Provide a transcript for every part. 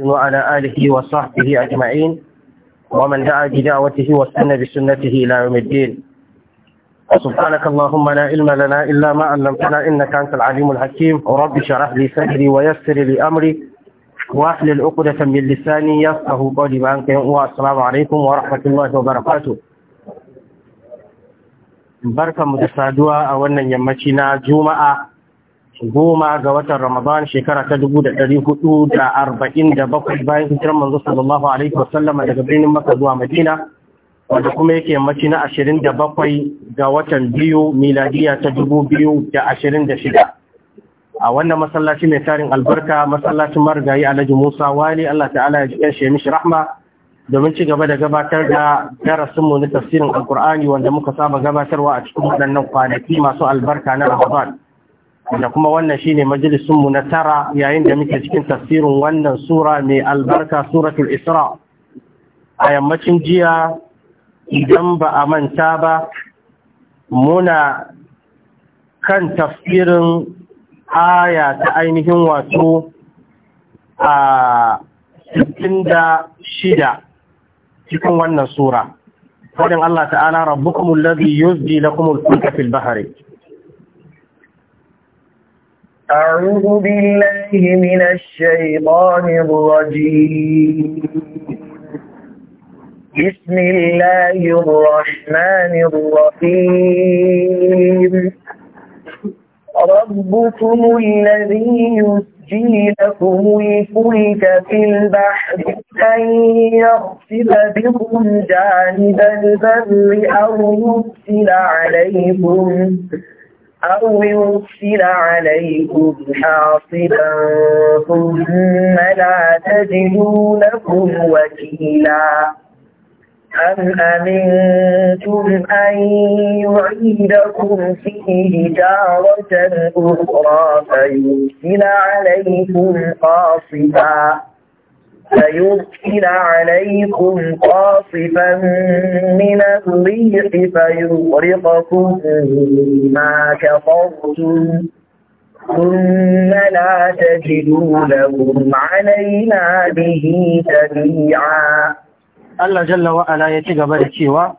وعلى آله وصحبه أجمعين ومن دعا بدعوته واستنى بسنته إلى يوم الدين سبحانك اللهم لا علم لنا إلا ما علمتنا إنك أنت العليم الحكيم رب اشرح لي صدري ويسر لي أمري واحلل عقدة من لساني يفقه قولي بأنك والسلام عليكم ورحمة الله وبركاته barkan mu da saduwa a wannan yammaci na juma'a goma ga watan Ramadan shekara ta dubu da ɗari hudu da arba'in da bakwai bayan hijirar manzo sallallahu alaihi wasallam daga birnin maka zuwa Madina wanda kuma yake mace na ashirin da bakwai ga watan biyu miladiya ta dubu biyu da ashirin da shida. A wannan masallaci mai tarin albarka masallacin marigayi Alhaji Musa Wali Allah ta'ala ya jiƙa shi mishi rahma domin ci gaba da gabatar da darasinmu na tafsirin alkur'ani wanda muka saba gabatarwa a cikin waɗannan kwanaki masu albarka na Ramadan. da kuma wannan shine majalisunmu na tara yayin da muke cikin tafsirin wannan sura mai albarka suratul isra a yammacin jiya idan ba a manta ba muna kan tafsirin aya ta ainihin wato a shida cikin wannan sura wadin Allah ta'ala rabbukumul ladhi yuzji lakumul fulka fil bahri أعوذ بالله من الشيطان الرجيم بسم الله الرحمن الرحيم ربكم الذي يسجي لكم الفلك في البحر أن يغفر بكم جانب البر أو يرسل عليكم أو يرسل عليكم حاصبا ثم لا تجدوا لكم وكيلا أم أمنتم أن يعيدكم فيه تارة أخرى فيرسل عليكم قاصبا فيرسل عليكم قاصفا من الريح فيغرقكم ما كفرتم ثم لا تجدوا لكم علينا به تبيعا الله جل وعلا يتقبل الشيوى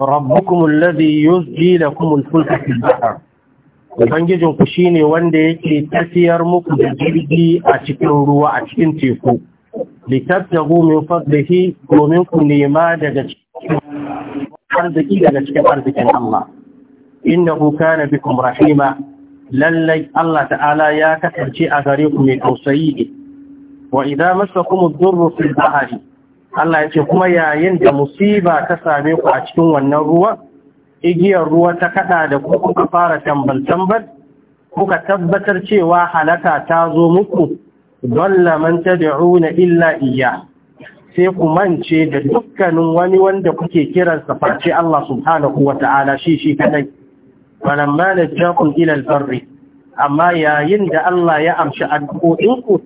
ربكم الذي يزجي لكم الفلك في البحر Ubangijinku shi ne wanda yake tafiyar muku da jirgi a cikin ruwa a cikin teku. littattagu min fadlihi domin ku nema daga cikin arziki daga cikin arzikin Allah innahu kana bikum rahima lallai Allah ta'ala ya kasance a gare ku mai tausayi wa idza masakum ad-durru fil bahri Allah yace kuma yayin da musiba ta same ku a cikin wannan ruwa igiyar ruwa ta kada da ku kuka fara tambal tambal kuka tabbatar cewa halaka ta zo muku dalla man tad'una illa iya sai ku mance da dukkanin wani wanda kuke kiransa face Allah subhanahu wata'ala shi shi kadai falamma najjakum ila al-barri amma yayin da Allah ya amshi addu'o'inku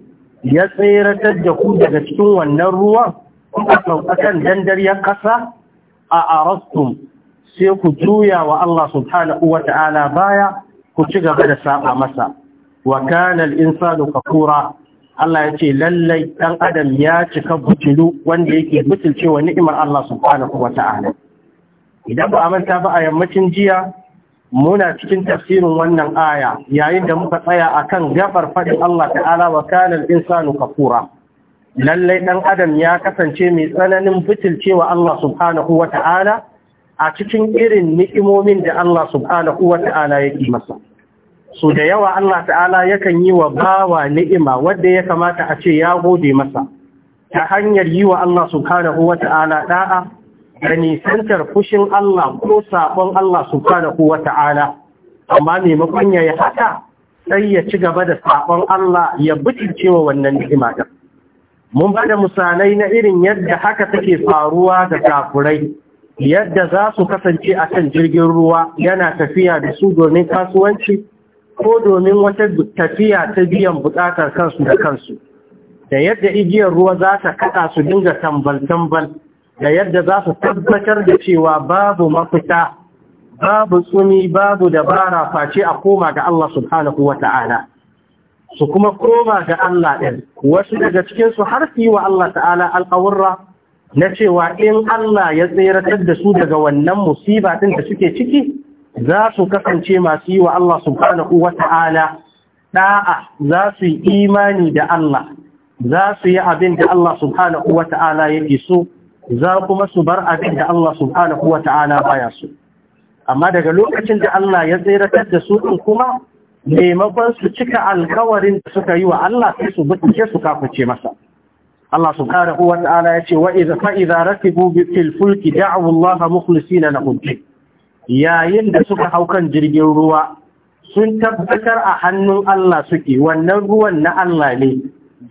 ya tseratar da ku daga cikin wannan ruwan kuka saukakan dandariyar kasa a arastum sai ku juya wa Allah subhanahu wata'ala baya ku ci gaba da saba masa wa kana al-insanu kafura Allah ya ce lallai ɗan adam ya cika butulu wanda yake butulcewa ni'imar Allah subhanahu wa ta'ala idan ba a manta ba a yammacin jiya muna cikin tafsirin wannan aya yayin da muka tsaya a kan gafar faɗin Allah ta'ala wa kana insanu kafura lallai ɗan adam ya kasance mai tsananin butulcewa Allah subhanahu wa ta'ala a cikin irin ni'imomin da Allah subhanahu wa ta'ala yake masa Su da yawa Allah ta'ala yakan yi wa bawa ni'ima wadda ya kamata a ce ya gode masa ta hanyar yi wa Allah subhanahu wa ta'ala da'a da nisantar fushin Allah ko sabon Allah subhanahu wa ta'ala amma maimakon ya yi sai ya ci gaba da sabon Allah ya butice wa wannan ni'ima da mun ba da misalai na irin yadda haka take faruwa da kafurai yadda za su kasance a kan jirgin ruwa yana tafiya da su domin kasuwanci ko domin wata tafiya ta biyan buƙatar kansu da kansu da yadda igiyar ruwa za ta kaɗa su dinga tambal-tambal da yadda za su tabbatar da cewa babu mafita babu tsumi babu dabara face a koma ga Allah subhanahu wa ta'ala su kuma koma ga Allah ɗin wasu daga cikinsu har su yi wa Allah ta'ala alƙawarra na cewa in Allah ya tseratar da su daga wannan musiba ɗin da suke ciki za su kasance masu yi wa Allah subhanahu wa ta'ala ɗa'a za su yi imani da Allah za su yi abin da Allah subhanahu wa ta'ala yake so za kuma su bar abin da Allah subhanahu wa ta'ala baya so amma daga lokacin da Allah ya tseratar da su kuma maimakon su cika alkawarin da suka yi wa Allah sai su buɗe su kafuce masa Allah subhanahu wa ta'ala ya ce wa idza fa idza rakibu fil fulki da'u mukhlisina yayin da suka hau kan jirgin ruwa sun tabbatar a hannun Allah suke wannan ruwan na Allah ne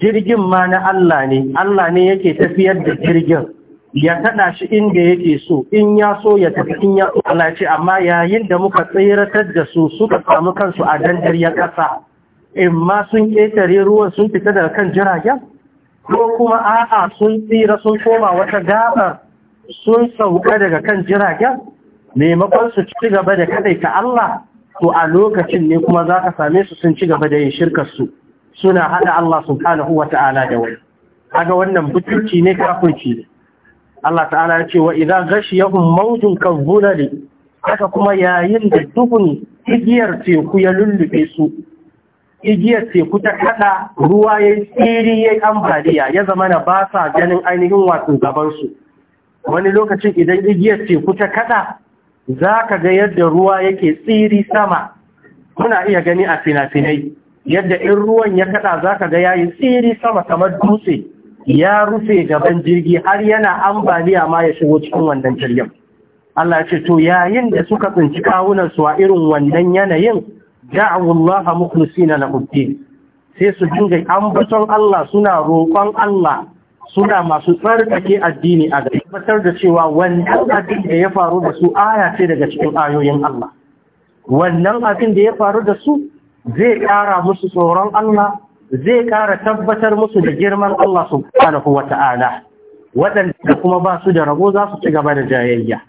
jirgin ma na Allah ne Allah ne yake tafiyar da jirgin ya tada shi inda yake so in ya so ya tafi in ya Allah amma yayin da muka tsiratar da su suka samu kansu a dandar ya kasa in ma sun ƙetare ruwan sun fita daga kan jiragen ko kuma a'a sun tsira sun koma wata gabar sun sauka daga kan jiragen maimakon su ci gaba da kadaita Allah to a lokacin ne kuma za ka same su sun ci gaba da yin shirkarsu suna haɗa Allah subhanahu wa ta'ala da wani aga wannan butulci ne kafirci ne Allah ta'ala ya ce wa idan gashi ya hun mautun kan haka kuma yayin da dukun igiyar teku ya lullube su igiyar teku ta kada ruwa ya tsiri ya ambaliya ya zama na ba sa ganin ainihin wato gabansu wani lokacin idan igiyar teku ta kada za ka ga yadda ruwa yake tsiri sama muna iya gani a finafinai. yadda in ruwan ya kada za ka ga yayi tsiri sama kamar dutse ya rufe gaban jirgi har yana ambaliya ma ya shigo cikin wannan jirgin Allah ce to yayin da suka tsinci kawunan su a irin wannan yanayin Allah mukhlisina lahu din sai su dinga ambaton Allah suna roƙon Allah suna masu tsarkake addini a gari tabbatar da cewa wannan abin da ya faru da su aya ce daga cikin ayoyin Allah wannan abin da ya faru da su zai ƙara musu tsoron Allah zai ƙara tabbatar musu da girman Allah subhanahu wata'ala waɗanda kuma ba su da rabo za su ci gaba da jayayya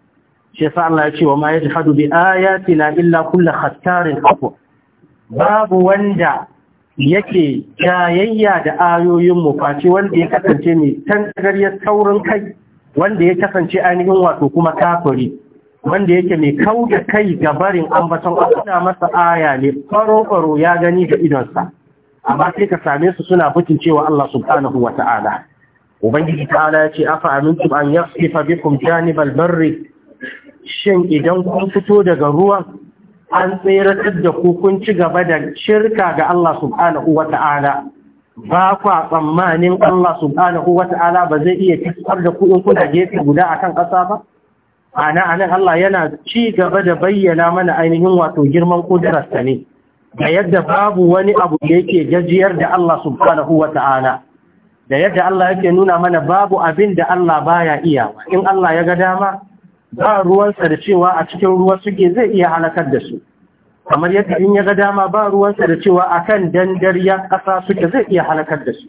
shi yasa Allah ya ce wa ma yajhadu bi ayatina illa kullu khattarin kafur babu wanda yake jayayya da ayoyin mu face wanda ya kasance mai tantagariyar taurin kai wanda ya kasance ainihin wato kuma kafiri wanda yake mai kau da kai ga barin ambaton ana masa aya ne faro-faro ya gani da idonsa amma sai ka same su suna bukin cewa Allah subhanahu wa ta'ala ubangiji ta'ala ya ce afa amintum an yasifa bikum janibal barri shin idan kun fito daga ruwan an tseratar da ku kun ci gaba da shirka ga Allah subhanahu wa ta'ala ba a tsammanin Allah subhanahu wa ta'ala ba zai iya fitar da ku in kuna gefe guda akan ƙasa ba ana anan Allah yana ci gaba da bayyana mana ainihin wato girman kudararsa ne da yadda babu wani abu da yake gajiyar da Allah subhanahu wa ta'ala da yadda Allah yake nuna mana babu abin da Allah baya iya in Allah ya ga dama ba ruwansa da cewa a cikin ruwa suke zai iya halakar da su kamar yadda in ya ga dama ba ruwansa da cewa kan dandariyar ƙasa suke zai iya halakar da su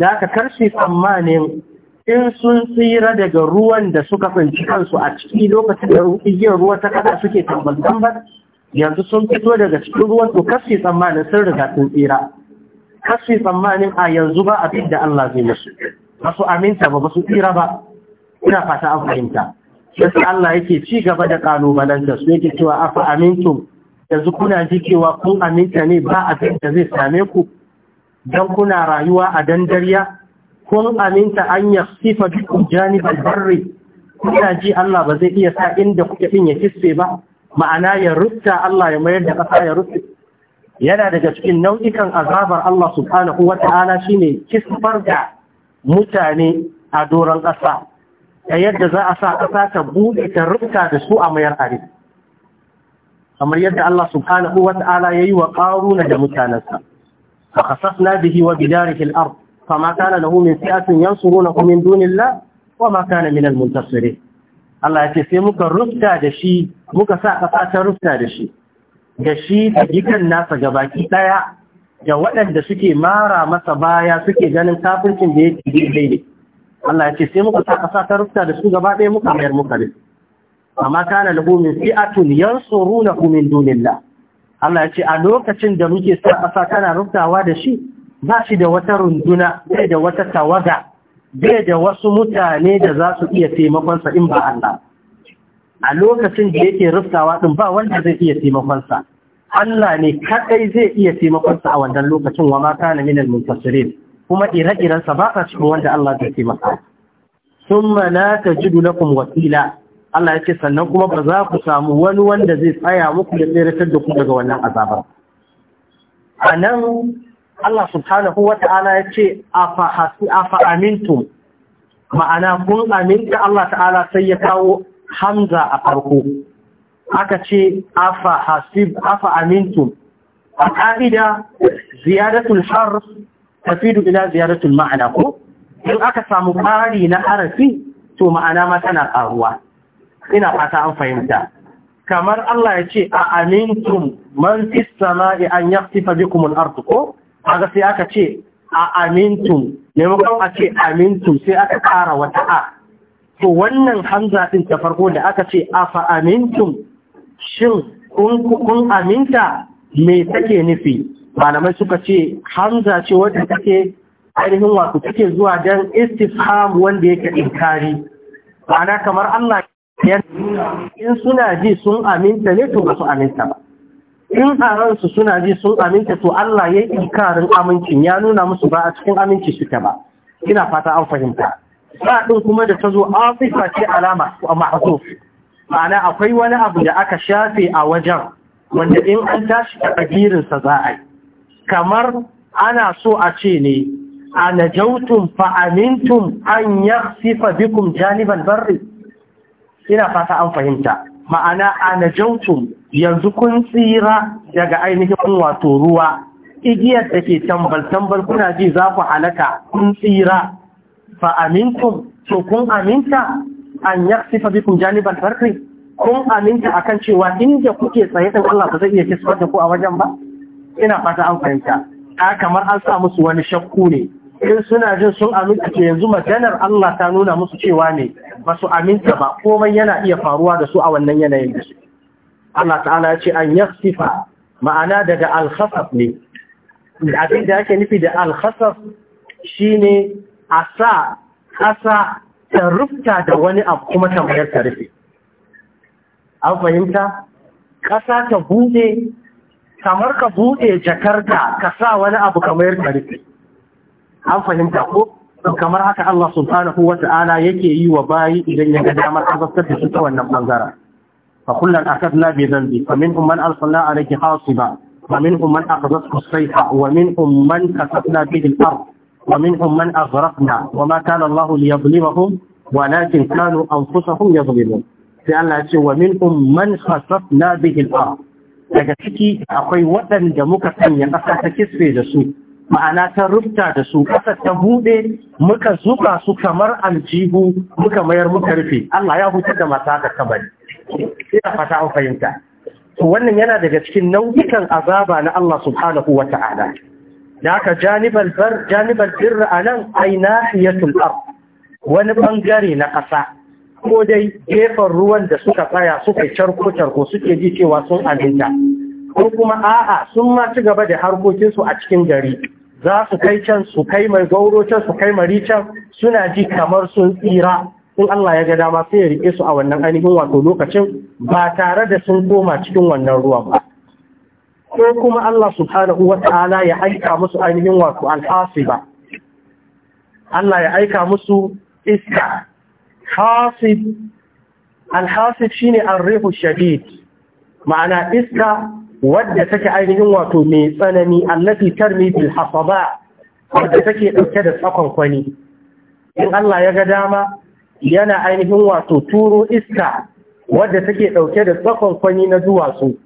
da aka karshe tsammanin in sun tsira daga ruwan da suka tsinci kansu a ciki lokacin da igiyar ruwa ta kada suke tambar-tambar, yanzu sun fito daga cikin ruwan to kashi tsammanin sun riga sun tsira kashi tsammanin a yanzu ba abin da Allah zai musu ba su aminta ba ba su tsira ba ina fata an fahimta yasa Allah yake ci gaba da kalubalantar su yake cewa afa amintum yanzu kuna ji cewa kun aminta ne ba abin da zai same ku dan kuna rayuwa a dandarya, kun aminta an ya sifa duk janibal barri kuna ji Allah ba zai iya sa inda kuke din ya kisse ba ma'ana ya rutta Allah ya mayar da kasa ya rutta yana daga cikin nau'ikan azabar Allah subhanahu wata'ala shine kisfar da mutane a doron ƙasa da yadda za a sa ƙasa ta buɗe ta rufta da su a mayar are kamar yadda Allah subhanahu wa ta'ala yayi wa qaruna da mutanansa fa khasafna bihi wa bidarihi al-ard ma kana lahu min fi'atin yansurunahu min dunillah wa ma kana min al-muntasirin Allah ya ce sai muka rufta da shi muka sa ƙasa ta rufta da shi da shi da gidan nasa gabaki ɗaya da waɗanda suke mara masa baya suke ganin kafircin da yake daidai Allah ya ce sai muka sa ƙasa ta rufta da su gaba ɗaya muka mayar muka da amma kana lahu min fi'atun yansurunahu min dunillah Allah ya ce a lokacin da muke sa ƙasa tana ruftawa da shi ba shi da wata runduna bai da wata tawaga bai da wasu mutane da za su iya taimakonsa in ba Allah a lokacin da yake ruftawa din ba wanda zai iya taimakonsa Allah ne kadai zai iya taimakonsa a wannan lokacin wa ma kana minal muntasirin kuma ire-irensa ba sa cikin wanda Allah zai taimaka summa jidu tajidu lakum wakila Allah ya ce sannan kuma ba za ku samu wani wanda zai tsaya muku ya tsere da ku daga wannan azabar a nan Allah subhanahu wa ta'ala ya ce a amintum ma'ana kun aminta Allah ta'ala sai ya kawo hamza a farko aka ce a hasib a ƙa'ida ziyaratul harf tafidu ila ziyaratul ma'ana ko in aka samu ƙari na harafi to ma'ana ma tana ƙaruwa ina fata an fahimta kamar Allah ya ce a amintum man fis sama'i an yaqtifa bikum al ardh ko kaga sai aka ce a amintum ne mu a ace amintum sai aka kara wata a to wannan hamza din ta farko da aka ce a fa amintum shin kun aminta me take nufi malamai suka ce hamza ce wadda take ainihin wato take zuwa dan istifham wanda yake inkari ma'ana kamar Allah ya in suna ji sun aminta ne to ba su aminta ba in a ransu suna ji sun aminta to Allah ya yi inkarin amincin ya nuna musu ba a cikin aminci suke ba ina fata an fahimta ba din kuma da ta zo asifa ce alama a mahzuf ma'ana akwai wani abu da aka shafe a wajen wanda in an tashi ta kagirinsa za a yi kamar ana so a ce ne a najautun fa’amintun an ya sifa bikun janiban barri ina fata an fahimta ma'ana a Najautun, yanzu kun tsira daga ainihin wato ruwa igiyar da ke tambal-tambal kuna ji za ku halaka kun tsira fa’amintun so kun aminta an ya sifa bikun janiban barri kun aminta akan cewa inda kuke tsaye ɗin Allah ba zai iya kisar da ku a wajen ba ina fata an fahimta a kamar an sa musu wani shakku ne in suna jin sun aminta ce yanzu maganar Allah ta nuna musu cewa ne ba su aminta ba komai yana iya faruwa da su a wannan yanayin da su Allah ta'ala ya ce an yasifa ma'ana daga alkhasaf ne abin da yake nufi da shi shine a sa ƙasa ta rufta da wani abu kuma ta mayar ta rufe an fahimta ƙasa ta buɗe kamar ka buɗe jakarta ka sa wani abu kamar ka an fahimta ko kamar haka Allah subhanahu wa ta'ala yake yi wa bayi idan ya ga damar azabtar da su ta wannan bangaren fa kullun akadna bi dhanbi fa minhum man arsalna alayhi hasiba wa minhum man aqadathu as-sayha wa minhum man kasafna bihi al-ard wa minhum man aghraqna wa ma kana Allah liyadhlimahum walakin kanu anfusahum yadhlimun sai Allah ya ce wa minhum man khasafna bihi al-ard daga ciki akwai waɗanda muka sanya ƙasa ta kisfe da su ma'ana ta rufta da su ƙasa ta buɗe muka zuba su kamar aljihu muka mayar muka rufe Allah ya huta da mata da kabari ina fata an fahimta to wannan yana daga cikin nau'ikan azaba na Allah subhanahu wa ta'ala da haka janibal bar janibal birra anan Aina nahiyatul ard wani bangare na ƙasa ko dai gefen ruwan da suka tsaya suka carko-carko suke ji cewa sun aminta ko kuma a'a sun ma ci gaba da harkokinsu a cikin gari za su kai can su kai mai gauro can su kai mari can suna ji kamar sun tsira in Allah ya ga dama sai ya rike su a wannan ainihin wato lokacin ba tare da sun koma cikin wannan ruwan ba ko kuma Allah subhanahu wata'ala ya aika musu ainihin wato ba? Allah ya aika musu iska hasib alhasib shine arrihu shadid ma'ana iska wadda take ainihin wato mai tsanani allati tarmi bil hasaba wadda take dauke da tsakon kwani in Allah ya ga dama yana ainihin wato turo iska wadda take dauke da tsakon kwani na duwatsu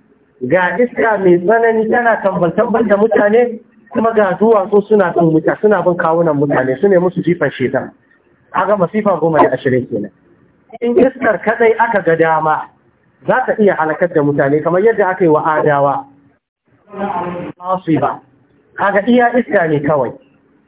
ga iska mai tsanani tana tambal-tambal mutane kuma ga duwatsu suna bin kawunan mutane su ne musu jifan shetan aga masifa goma da ashirin kenan in iskar kadai aka ga dama za ta iya halakar da mutane kamar yadda aka yi wa adawa ba kaga iya iska ne kawai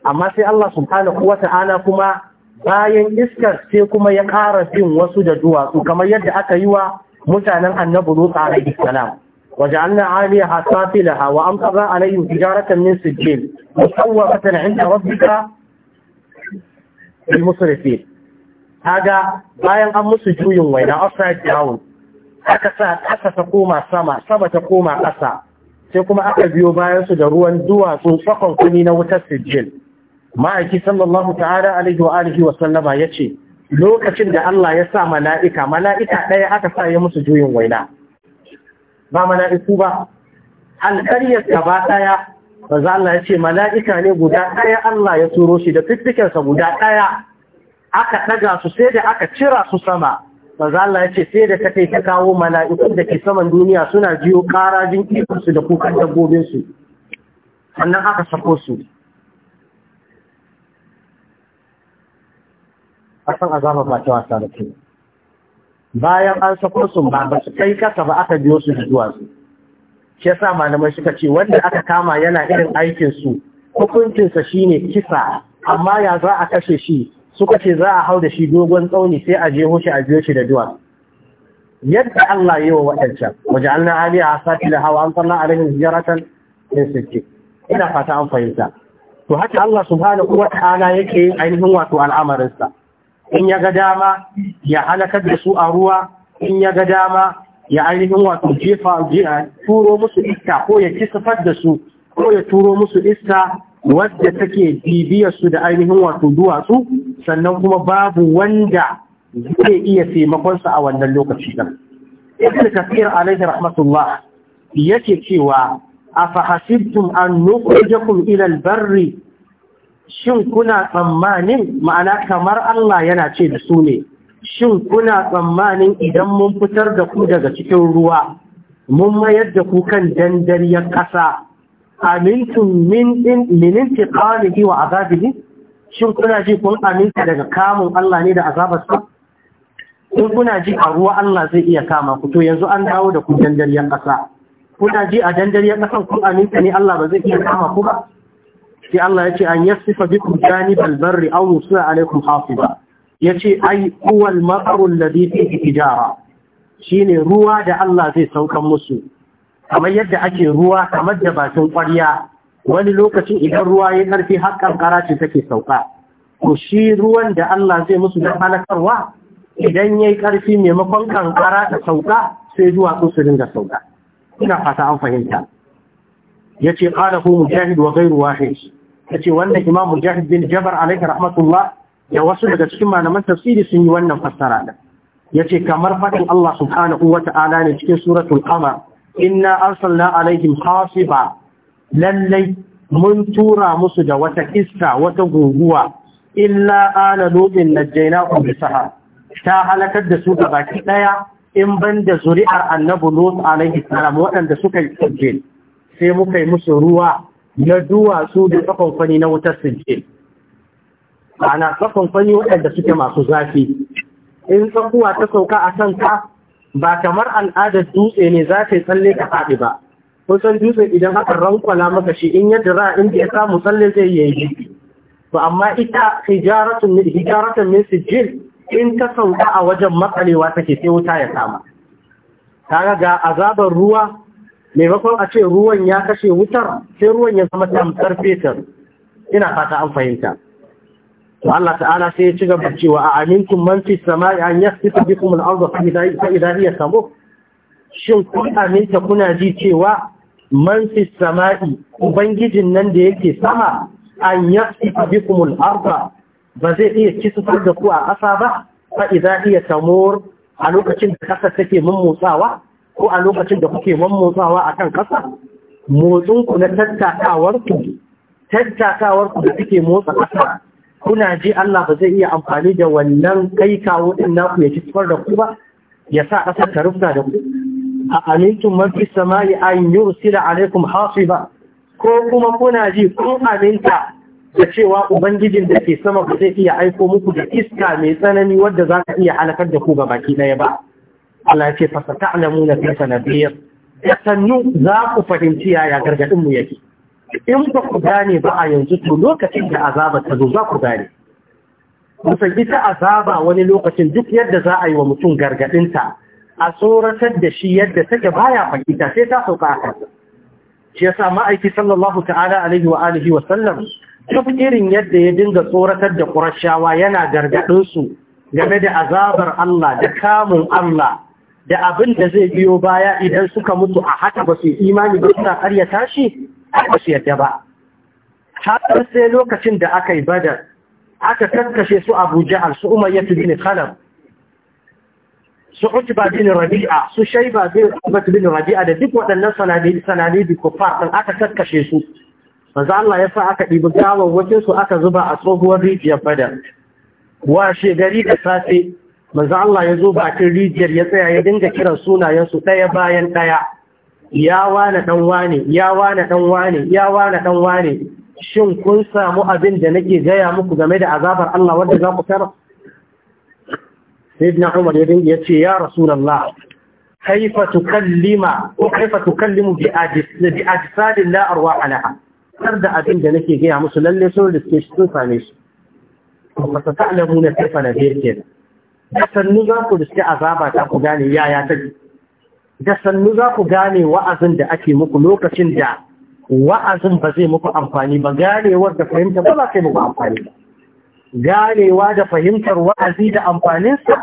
amma sai Allah subhanahu ta'ala kuma bayan iskar sai kuma ya ƙara bin wasu da duwatsu kamar yadda aka yi wa mutanen annabi Lut alaihi salam وجعلنا عاليها سافلها وأمطرنا عليهم تجارة من سجيل مسومة عند ربك musu rufe kaga bayan an musu juyin waina upside down aka sa ƙasa ta koma sama sama ta koma ƙasa sai kuma aka biyo bayan su da ruwan duwatsu tsakon kuni na wutar sijil ma'aiki sallallahu ta'ala alaihi wa alihi wa sallama yace lokacin da Allah ya sa mala'ika mala'ika ɗaya aka sa ya musu juyin waina ba mala'iku ba alƙaryar gaba ɗaya Maza Allah ya ce, Mala'ika ne guda ɗaya Allah ya turo shi da fiffikensa guda ɗaya, aka ɗaga su sai da aka cira su sama. Maza Allah ya ce, sai da ta kai ta kawo mala'ikun da ke saman duniya suna jiyo ƙarajin ikonsu da kukan dabbobinsu. Sannan aka sako su. A san azabar mata wasa da ke. Bayan an sako su ba, ba su kai kasa ba aka biyo su da zuwa su. shi yasa malamai suka ce wanda aka kama yana irin aikin su hukuncinsa ne, kisa amma ya za a kashe shi suka ce za a hau da shi dogon tsauni sai a je shi a biyo shi da duwa yadda Allah yi wa waɗancan waje an na aliyu a sati da hawa an sannan alaihin hijaratan in ina fata an fahimta to haka Allah subhanahu wa ta'ala yake yin ainihin wato al'amarinsa in ya ga dama ya halakar da su a ruwa in ya ga dama ya ainihin wato jefa ya turo musu iska ko ya ci kisafar da su ko ya turo musu iska wadda take bibiyar su da ainihin wato duwatsu sannan kuma babu wanda zai iya taimakonsa a wannan lokaci ɗin. Ibn Kafir alaihi rahmatullah yake cewa afahasibtum an nukhrijakum ila ilal barri shin kuna tsammanin ma'ana kamar Allah yana ce da su ne shin kuna tsammanin idan mun fitar da ku daga cikin ruwa mun mayar da ku kan dandariyar ƙasa amintun minin tiƙalihi wa azabihi shin kuna ji kun aminta daga kamun Allah ne da azabarsa in kuna ji a ruwa Allah zai iya kama ku to yanzu an dawo da ku dandariyar ƙasa kuna ji a dandariyar ƙasan kun aminta ne Allah ba zai iya kama ku ba sai Allah ya ce an yasifa bikum janibal barri aw yusra alaikum hasiba Ya ce ai huwal maqru alladhi fi tijara shine ruwa da Allah zai saukan musu kamar yadda ake ruwa kamar da bakin ƙwarya wani lokacin idan ruwa ya ƙarfi har ƙanƙara ce take sauka ko shi ruwan da Allah zai musu don halakarwa idan ya yi ƙarfi maimakon ƙanƙara ta sauka sai zuwa su da sauka ina fata an fahimta ya ce ƙara ko mujahid wa gairu wahid ya ce wannan imam mujahid bin jabar alaihi rahmatullah da wasu daga cikin malaman tafsiri sun yi wannan fassara da ce kamar faɗin Allah subhanahu wata'ala ne cikin suratul amar inna arsalna alaihim ba lallai mun tura musu da wata iska wata guguwa illa ala lutin najjaynahum bisaha ta halakar da su gabaki ɗaya in banda zuri'ar Annabu lut alaihi salam waɗanda suka yi sai muka yi musu ruwa na duwatsu da tsakon fani na wutar sujjil Ana tsakon sanyi waɗanda suke masu zafi in tsakuwa ta sauka a kan ka ba kamar al'adar dutse ne za ta yi tsalle ka faɗi ba kusan dutse idan aka rankwala maka shi in yadda za a inda ya samu tsalle zai yi yi ba amma ita hijaratun min in ta sauka a wajen matsalewa take sai wuta ya sama. kaga ga azabar ruwa maimakon a ce ruwan ya kashe wutar sai ruwan ya zama tamkar fetur ina fata an fahimta Allah ta'ala sai ya ci gaba cewa a aminkum man fi samai an yasfiku bikum al-ardh fa idha hiya tamur shin ku aminta kuna ji cewa man fi samai ubangijin nan da yake sama an yasfiku bikum al-ardh ba zai iya kisa da ku a ƙasa ba fa idha hiya tamur a lokacin da kasa take mummutsawa ko a lokacin da kuke mummutsawa akan ƙasa motsinku na tattakawarku tattakawarku da kuke motsa ƙasa kuna ji Allah ba zai iya amfani da wannan kai kawo din naku ya ci da ku ba ya sa ƙasar ta rufta da ku a amintum man fi samai an yursila alaikum hasiba ko kuma kuna ji kun aminta da cewa ubangijin da ke sama ba zai iya aiko muku da iska mai tsanani wadda za ka iya halakar da ku ga baki ɗaya ba Allah ya ce fa sata'lamuna fi ya sannu za ku fahimci yaya gargadin mu yake in ba ku gane ba a yanzu to lokacin da azaba ta zo za ku gane musan ita azaba wani lokacin duk yadda za a yi wa mutum gargadinta a tsoratar da shi yadda take baya fahimta sai ta sauka a kan. shi sa ma'aiki sallallahu ta'ala alaihi wa alihi wa sallam duk irin yadda ya dinga tsoratar da ƙurashawa yana gargaɗin su game da azabar Allah da kamun Allah da abin da zai biyo baya idan suka mutu a haka ba su imani ba suna ƙaryata tashi? ba su ba har sai lokacin da aka yi badar aka kakkashe su abu su umayyar bin khalaf su utba bin rabi'a su shaiba bin bin rabi'a da duk waɗannan sanadi sanadi bi kufar din aka kakkashe su manzo Allah ya sa aka ɗibi gawar su aka zuba a tsohuwar rijiyar badar washe gari da safe manzo Allah ya zo bakin rijiyar ya tsaya ya dinga kiran sunayensu ɗaya bayan ɗaya ya wane dan wane ya wane dan wane ya wane dan wane shin kun samu abin da nake gaya muku game da azabar Allah wanda za ku tara sayyidina Umar ya dinga yace ya rasulullah kaifa tukallima kaifa tukallimu bi ajsadin la arwa alaha kar da abin da nake gaya musu lalle sun riske shi sun same shi kuma ta ta'lamuna kaifa nadir kenan sannu za ku riske azaba ta ku gane yaya take da sannu za ku gane wa'azin da ake muku lokacin da wa'azin ba zai muku amfani ba ganewar da fahimtar ba za ka yi muku amfani ba ganewa da fahimtar wa'azi da amfaninsa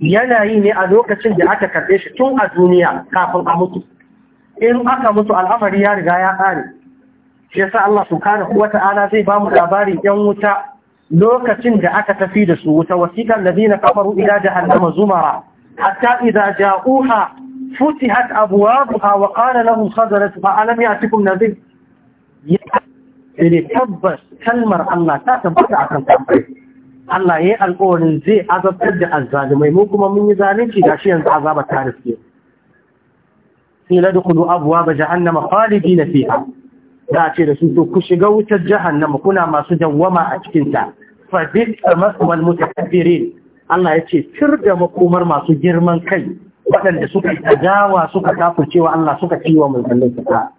yana yi ne a lokacin da aka karɓe shi tun a duniya kafin a mutu in aka mutu al'amari ya riga ya ƙare shi yasa Allah su kare kuwa ta'ala zai ba mu labarin yan wuta lokacin da aka tafi da su wuta wasiqal ladina kafaru ila jahannama zumara hatta idza ja'uha فتحت أبوابها وقال له خزرت فألم يأتكم نذير sai tabbas kalmar Allah ta tabbata a kan tambayi Allah ya yi zai azabtar da azzalumai mu kuma mun yi zalunci gashi yanzu azaba ta riske sai la dukulu abwa ba jahannama khalidina fiha da ce da su to ku shiga wutar jihar jahannama kuna masu dawwama a cikin ta fa bi'sa maswal mutakabbirin Allah ya ce cir da makomar masu girman kai waɗanda suka yi dawa suka kafa cewa Allah suka ci wa mai kallon ta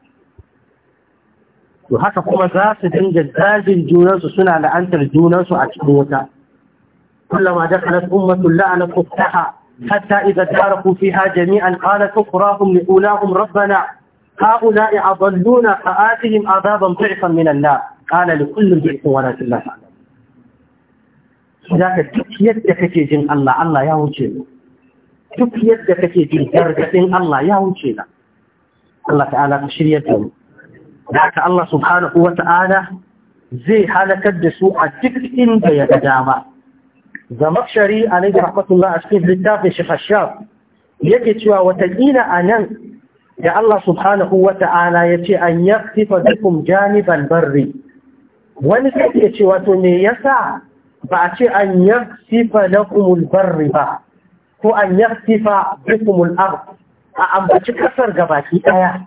To haka kuma za su dinga dajin junansu suna la'antar junansu a cikin wuta. Kullum a daga nasu ummatun la'ana kuftaha hatta idan tara kufi ha jami'an ƙala tukurahun mai ƙunahun rabbana ha'una a aballuna a asihin azaban tuifan minan na ƙala kullum bai kowa na tilla sa. Za ka duk yadda kake jin Allah, Allah ya wuce mu. duk yadda kake jin gargadin Allah ya wuce na Allah ta'ala ta shirya da mu haka Allah subhanahu wa ta'ala zai halakar da su a duk inda ya ga dama zamak shari alaihi rahmatullah a cikin littafin shi hashab yake cewa watakila a nan da Allah subhanahu wa ta'ala ya ce an yaktifa bikum janiban barri wani sai ke ce wato me yasa ba a ce an yaktifa lakumul barri ba ko an fa bikumul ard a ambaci kasar gabaki daya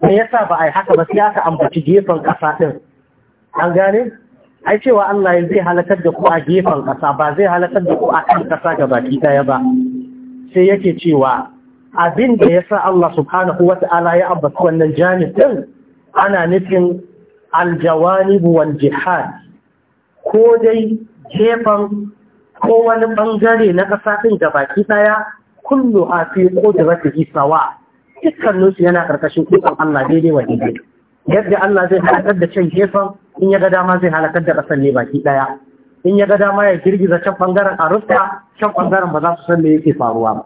me yasa ba ai haka ba sai aka ambaci gefen kasa din an gane ai cewa Allah zai halakar da ku a gefen ƙasa ba zai halakar da ku a kan kasa gabaki daya ba sai yake cewa abin da yasa Allah subhanahu wata'ala ya ambaci wannan jami ɗin ana nufin aljawanibu wal jihad ko dai gefen ko wani bangare na ƙasa da baki daya kullu ha fi qudratihi sawa dukkanin su yana karkashin ikon Allah daidai wa daidai yadda Allah zai halakar da can gefen in ya ga dama zai halakar da ƙasar ne baki daya in ya ga dama ya girgiza can bangaren a rufta can bangaren ba za su san me yake faruwa ba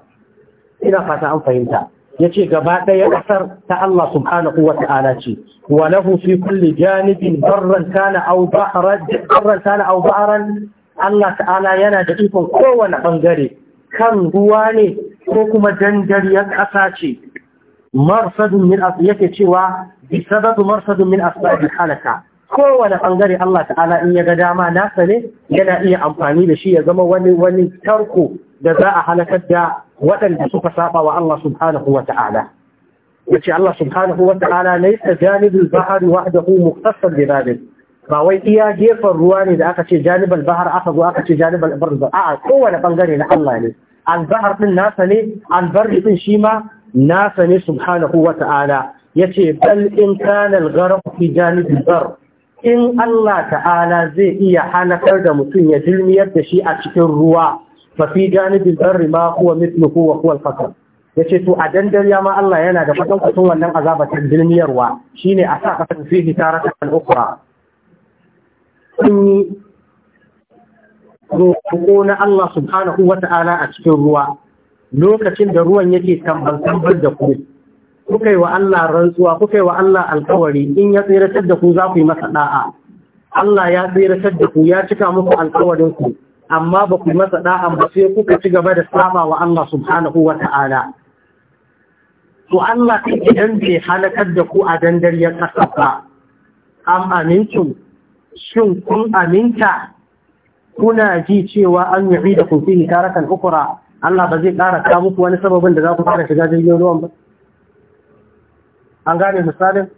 ina fata an fahimta yace gaba ɗaya ƙasar ta Allah subhanahu wa ta'ala ce wa lahu fi kulli janibin barran kana aw bahran barran kana aw bahran Allah ta'ala yana da ikon kowane ɓangare kan ruwa ne ko kuma dandariyar ƙasa ce marsadun min yake cewa bi sababu marsadun min asbabi halaka kowane ɓangare Allah ta'ala in ya ga dama nasa ne yana iya amfani da shi ya zama wani wani tarko da za a halakar da waɗanda suka saba wa Allah subhanahu wa ta'ala yace Allah subhanahu wa ta'ala laysa janibul bahri wahdahu muqtasad bi dhalik ba wai iya gefen ruwa ne da aka ce janibar bahar aka zo aka ce janibar bar ba a'a kowane bangare na Allah ne albahar din nasa ne albar din shi ma nasa ne subhanahu wa ta'ala yace bal in kanal al fi janib bar in Allah ta'ala zai iya hanakar da mutum ya jilmiyar da shi a cikin ruwa fa fi janib bar ma kuwa mithluhu kuwa huwa al-fatar to a dandariya ma Allah yana da fatan kusun wannan azaba ta jilmiyarwa shine a sa kasan fihi taratan ukhra sanyi yi roƙo na Allah subhanahu wa ta'ala a cikin ruwa lokacin da ruwan yake tambar-tambar da ku kuka yi wa Allah rantsuwa kuka yi wa Allah alkawari in ya tsiratar da ku za ku yi masa ɗa'a. Allah ya tsiratar da ku ya cika muku alkawarin ku amma ba ku yi masa ɗa'an ba sai kuka ci gaba da saba wa Allah subhanahu wa ta'ala to Allah idan bai halakar da ku a dandar ya kasa ba am shin kun aminta kuna ji cewa an yi da kun fihi tarakan ukura Allah ba zai ƙara ta muku wani sababin da za ku fara shiga jirgin ruwan ba an gane misalin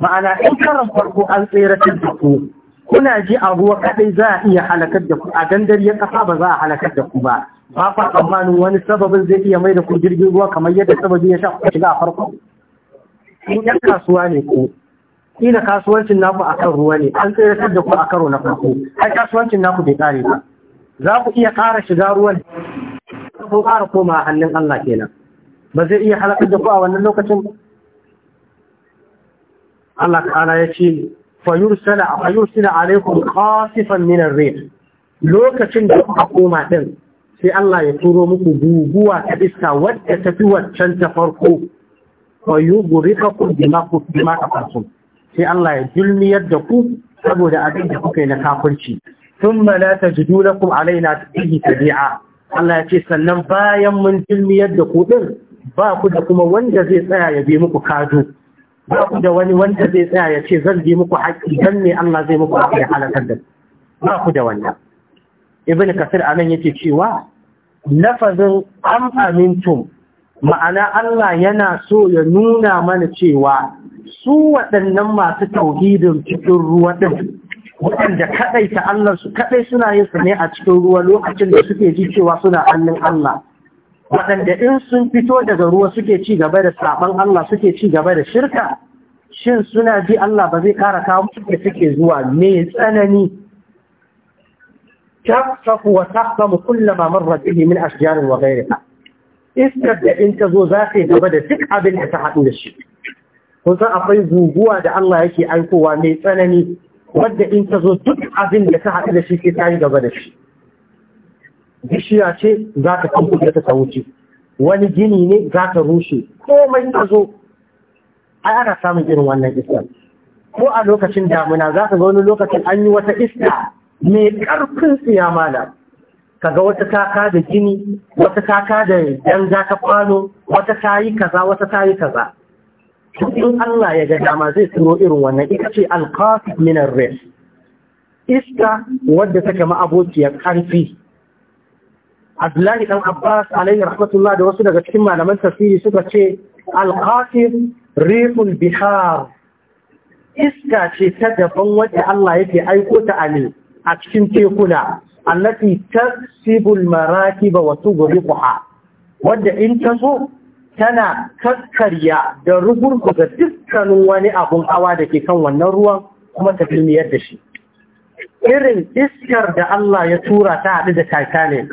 ma'ana in karan farko an tseratar da ku kuna ji a ruwa kaɗai za a iya halakar da ku a ya ƙasa ba za a halakar da ku ba ba fa tsammanin wani sababin zai iya mai da ku jirgin ruwa kamar yadda sababin ya sha ku shiga a farko in ƴan kasuwa ne ku kila kasuwancin naku a kan ruwa ne an tsere da ku a karo na farko har kasuwancin naku bai tsare ba za ku iya ƙara shiga ruwan ko ƙara koma hannun Allah kenan ba zai iya halakar da ku a wannan lokacin ba Allah ta'ala ya ce fayursala fayursila alaikum qasifan min ar-rih lokacin da kuka koma din sai Allah ya turo muku guguwa ta iska wadda ta fi waccan ta farko fayughriqakum bima kuntum sai Allah ya dulmiyar da ku saboda abin da kuka yi na kafirci thumma la tajidu kuma alaina ta tabi'a Allah ya ce sannan bayan mun dulmiyar da ku din ba ku da kuma wanda zai tsaya ya bi muku kado ba ku da wani wanda zai tsaya ya ce zan bi muku haƙƙi dan ne Allah zai muku haƙƙi ya halakar da ba ku da wannan ibn kasir anan yake cewa lafazin am amintum ma'ana Allah yana so ya nuna mana cewa su waɗannan masu tauhidin cikin ruwa ɗin waɗanda kaɗai ta Allah su kaɗai suna yin su ne a cikin ruwa lokacin da suke ji cewa suna hannun Allah waɗanda in sun fito daga ruwa suke ci gaba da saɓan Allah suke ci gaba da shirka shin suna ji Allah ba zai kara kawo da suke zuwa mai tsanani tafsafu wa tahsamu kullama marrat bihi min ashjarin wa ghayriha iskar da in ta zo za ta yi gaba da duk abin da ta haɗu da shi Ko akwai guguwa da Allah yake aikowa mai tsanani wadda in ta zo duk abin da ta haɗu da shi ke ta gaba da shi bishiya ce za ta kamfuta ta wuce wani gini ne za ta rushe komai ta zo ai ana samun irin wannan iska ko a lokacin damina za ka ga wani lokacin an yi wata iska mai ƙarfin tsiyamala ga wata kaka da gini wata kaka da danga ta kwano wata yi kaza wata yi kaza in Allah ya ga dama zai tsiro irin wannan ita ce alqasid min ar iska wadda take ma'abociyar karfi Abdullahi Ɗan Abbas alaihi rahmatullah da wasu daga cikin malaman tafsiri suka ce alqasid Riful bihar iska ce ta daban wadda Allah yake aiko ta ani a cikin tekuna allati tasibul wasu wa tughriquha wadda in ta zo tana kakkarya da ga dukkanin wani abun awa da ke kan wannan ruwan kuma ta filmiyar da shi irin iskar da Allah ya tura ta haɗu da Titanic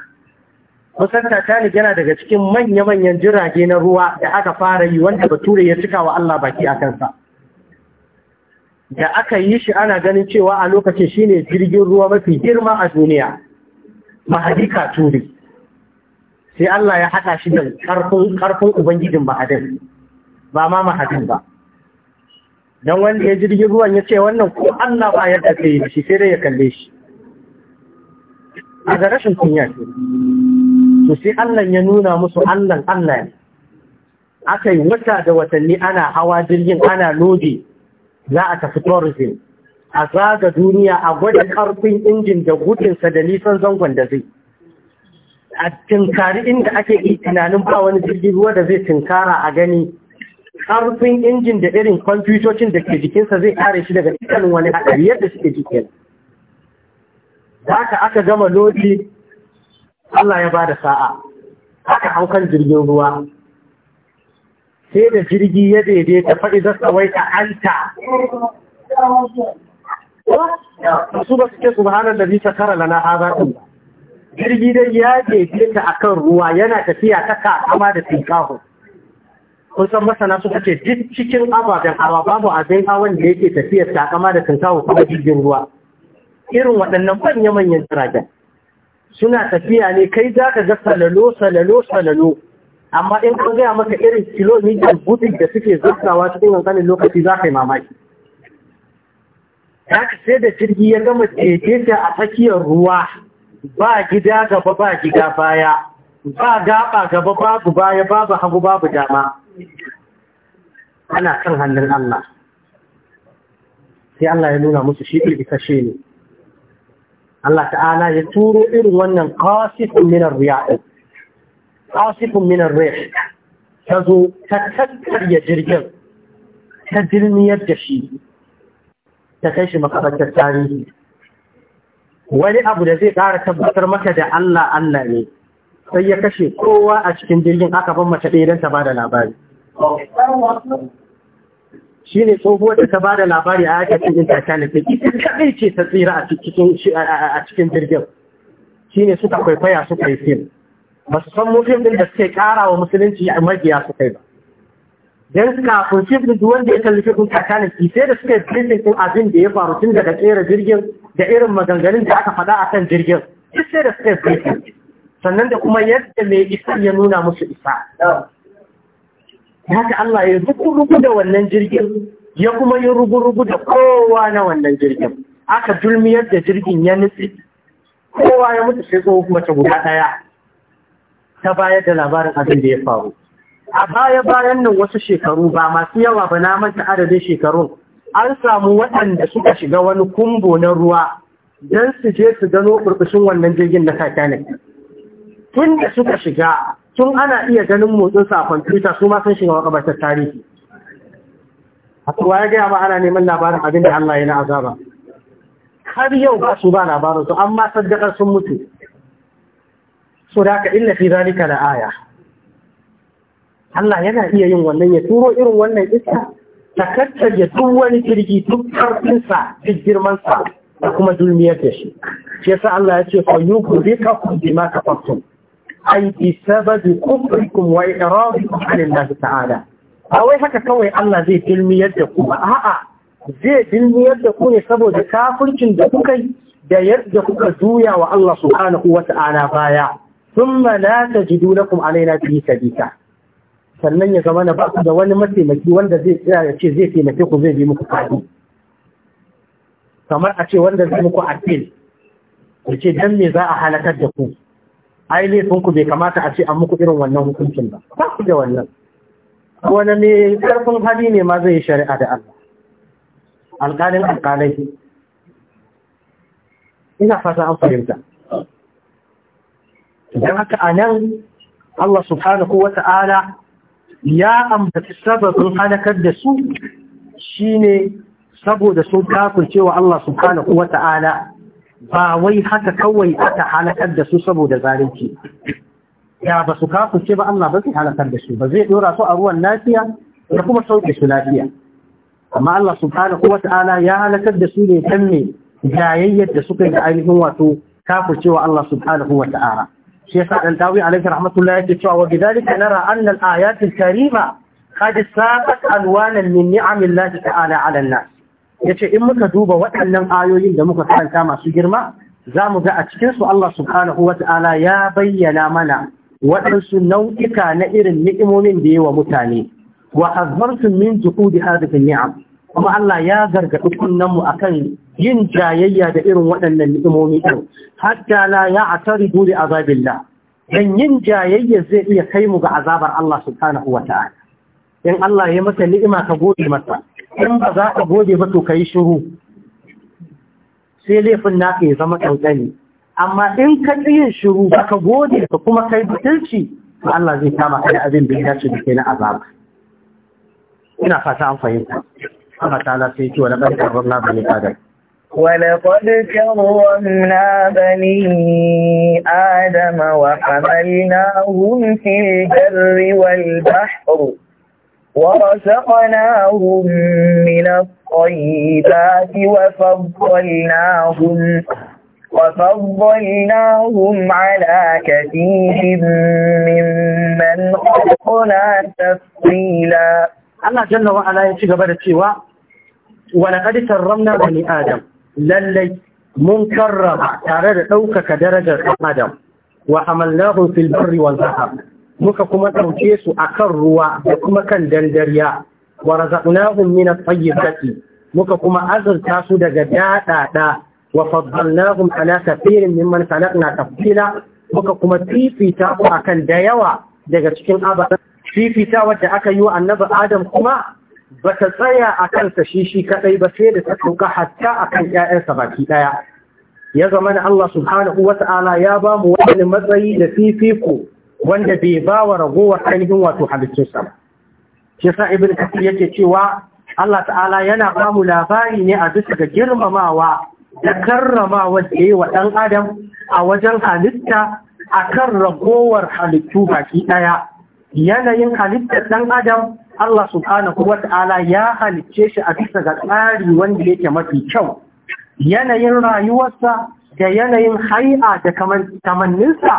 kusan Titanic yana daga cikin manya-manyan jirage na ruwa da aka fara yi wanda bature ya cika wa Allah baki a kansa da aka yi shi ana ganin cewa a lokacin shine jirgin ruwa mafi girma a duniya mahadika turi sai Allah ya haɗa shi da ƙarfin Ubangijin ba'adin ba ma mahadin ba. Don wanda ya jirgin ruwan ya ce wannan ko Allah ba ya ɗafe yi shi sai dai ya kalle shi. A ga rashin kunya ce. su sai Allah ya nuna musu Allah Allah ne. Aka yi wata da watanni ana hawa jirgin ana lodi za a tafi tourism. A zaga duniya a gwada ƙarfin injin da gudunsa da nisan zangon da zai. a tinkari inda ake yi tunanin ba wani jirgin ruwa da zai tinkara a gani ƙarfin injin da irin kwamfutocin da ke jikinsa zai kare shi daga dukkanin wani haɗari yadda suke jikin da aka aka gama lodi Allah ya ba da sa'a aka haukan jirgin ruwa sai da jirgi ya daidaita faɗi za su waita anta su ba su subhanan da bisa kara lana haza ɗin jirgi dai ya jefe ta akan ruwa yana tafiya ta kakama da tinkahu kun san masana suka ce duk cikin ababen hawa babu abin hawa da yake tafiyar takama da tinkahu kuma jirgin ruwa irin waɗannan manya-manyan jiragen suna tafiya ne kai za ka ga salalo salalo salalo amma in ka gaya maka irin kilomitar gudun da suke zuwa cikin wankanin lokaci za ka yi mamaki ya ka sai da jirgi ya gama teke a tsakiyar ruwa ba gida gaba ba gida baya ba gaba gaba babu baya babu hagu babu dama ana kan hannun Allah sai Allah ya nuna musu shi kashe ne Allah ta'ala ya turo irin wannan qasifun minar ar-riya'i minar min Ta zo tazo ta tattarya jirgin ta jirniyar da shi ta kai shi makarantar tarihi wani abu da zai ƙara tabbatar maka da Allah Allah ne sai ya kashe kowa a cikin jirgin aka ban mace ɗaya don ta ba da labari shi ne tsohuwar da ta ba da labari a aka cikin titanic ita kaɗai ce ta tsira a cikin jirgin shi ne suka kwaikwaya suka yi fim ba su san mutum ɗin da suke ƙara wa musulunci a magiya suka yi ba don kafin shifin duk wanda ya kalli shifin titanic sai da suka yi ɗin abin da ya faru tun daga tsere jirgin da irin maganganun da aka faɗa a kan jirgin duk sai da suka yi sannan da kuma yadda mai isa ya nuna musu isa haka Allah ya rubu-rubu da wannan jirgin ya kuma yi rubu-rubu da kowa na wannan jirgin aka dulmiyar da jirgin ya nutsi kowa ya mutu sai tsohon mace guda ɗaya ta bayar da labarin abin da ya faru a baya bayan nan wasu shekaru ba masu yawa ba na manta adadin shekarun an samu waɗanda suka shiga wani kumbo na ruwa don su je su gano ƙurƙushin wannan jirgin na titanic tun da suka shiga tun ana iya ganin motsin sa a kwamfuta su ma sun shiga makabartar tarihi a kuwa ya gaya ma ana neman labarin abin da allah ya na azaba har yau ba su ba labarin su amma saddakar sun mutu so da haka illa da aya Allah yana iya yin wannan ya turo irin wannan iska ta kattage duk wani jirgi duk karfinsa duk girmansa da kuma dulmiyar da shi shi yasa Allah ya ce fa yukhrikakum bima kafartum ay bi sababi kufrikum wa iradikum an ta'ala a wai haka kawai Allah zai dulmiyar da ku a'a zai dulmiyar da ku ne saboda kafircin da kuka yi da yadda kuka juya wa Allah subhanahu wa ta'ala baya thumma la tajidu lakum alaina bihi sabita sannan ya zama na baku da wani mataimaki wanda zai tsaya ya ce zai taimake ku zai bi muku kadi kamar a ce wanda zai muku appeal ya ce dan me za a halakar da ku ai laifin ku bai kamata a ce an muku irin wannan hukuncin ba ba ku da wannan wani ne karfin hali ne ma zai shari'a da Allah alƙalin alƙalai ina fata an fahimta don haka a nan Allah subhanahu wa ta'ala ya ambaci sababin halakar da su shine saboda sun kafin cewa Allah subhanahu ta'ala ba wai haka kawai aka halakar da su saboda zalunci ya ba su ce ba Allah ba zai halakar da su ba zai dora su a ruwan lafiya da kuma sauke su lafiya amma Allah subhanahu ta'ala ya halakar da su ne kan ne jayayyar da suka yi da ainihin wato kafin cewa Allah subhanahu ta'ala. shi yasa dan tawi alaihi rahmatullah yake cewa wa bidalika nara anna al-ayat al-karima qad saqat alwanan min ni'amillahi ta'ala 'ala an-nas yace in muka duba waɗannan ayoyin da muka karanta masu girma za mu ga a cikin su Allah subhanahu wa ta'ala ya bayyana mana waɗansu nau'ika na irin ni'imomin da yawa mutane wa hazzartum min juhudi hadhihi ni'am kuma Allah ya gargaɗi kunnen a kan yin jayayya da irin waɗannan ni'imomi ɗin hatta la ya a tari duri azabillah don yin jayayya zai iya kai mu ga azabar Allah subhanahu wa ta'ala in Allah ya mata ni'ima ka gode mata, in ba za ka gode ba to ka yi shiru sai laifin naka ya zama ɗanɗani amma in ka yin shiru ba ka gode ka kuma kai butulci Allah zai kama kai abin da ya dace da kai na azaba ina fata an fahimta ولقد كرمنا بني آدم وحملناهم في البر والبحر ورزقناهم من الطيبات وفضلناهم وفضلناهم على كثير ممن خلقنا تفصيلا. الله جل وعلا ala ya ci ولقد كرمنا بني آدم للي منكرم تارد أوكك درجة آدم adam. في البر والبحر muka kuma ɗauke su akan ruwa da kuma kan dandariya wa razaqnahum min at muka kuma azurta su daga daɗaɗa wa faddalnahum ala kathirin mimman khalaqna tafdila muka kuma fifita ku akan da daga cikin abadan fifita wadda aka yi wa annabi Adam kuma ba ta tsaya a kansa shi shi kaɗai ba sai da ta ɗauka hatta a kan ‘ya'yansa baki ɗaya. Ya zama na Allah subhanahu wa ta'ala ya ba mu wani matsayi da fifiko wanda bai ba wa ragowar ainihin wato halittunsa ba. Shi sa Ibn Kasir yake cewa Allah ta'ala yana ba mu labari ne a bisa ga girmamawa da karramawa da yi wa ɗan adam a wajen halitta a kan ragowar halittu baki ɗaya. Yanayin halittar ɗan adam Allah subhanahu wata'ala ya halicce shi a bisa ga tsari wanda yake mafi kyau yanayin rayuwarsa da yanayin hai'a da kamanninsa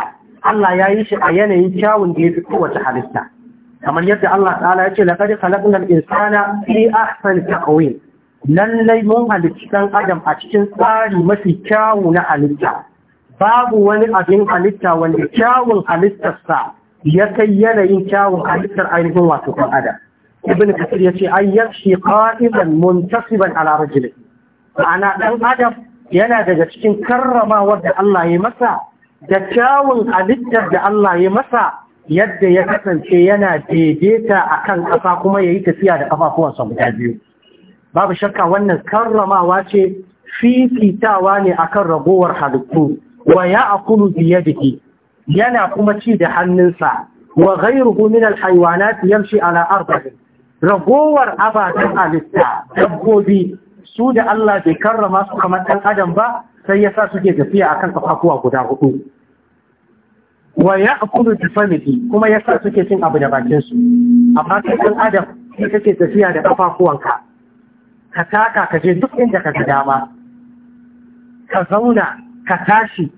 Allah ya yi shi a yanayin kyawun da ya fi kowace halitta kamar yadda Allah ta'ala ya ce laqad khalaqnal insana fi ahsani taqwim lallai mun halicci dan adam a cikin tsari mafi kyawu na halitta babu wani abin halitta wanda kyawun halittarsa ya kai yanayin kyawun halittar ainihin wato ɗan adam ibn kasir ya ce an yarshi qa'idan muntasiban ala rajuli ma'ana ɗan adam yana daga cikin karramawar da Allah ya masa da kyawun halittar da Allah ya masa yadda ya kasance yana daidaita a kan ƙasa kuma ya yi tafiya da ƙafafuwansa guda biyu babu shakka wannan karramawa ce fifitawa ne akan ragowar halittu wa ya akulu biyadihi yana kuma ci da hannunsa wa ghayruhu min al-hayawanat yamshi ala arba'in ragowar ababen halitta dabbobi su da Allah bai karrama su kamar ɗan adam ba sai ya sa suke tafiya akan kafafuwa guda hudu wa ya akulu tafamiti kuma ya sa suke cin abu da bakin su amma ɗan adam sai kake tafiya da kafafuwanka ka taka ka je duk inda ka ga dama ka zauna ka tashi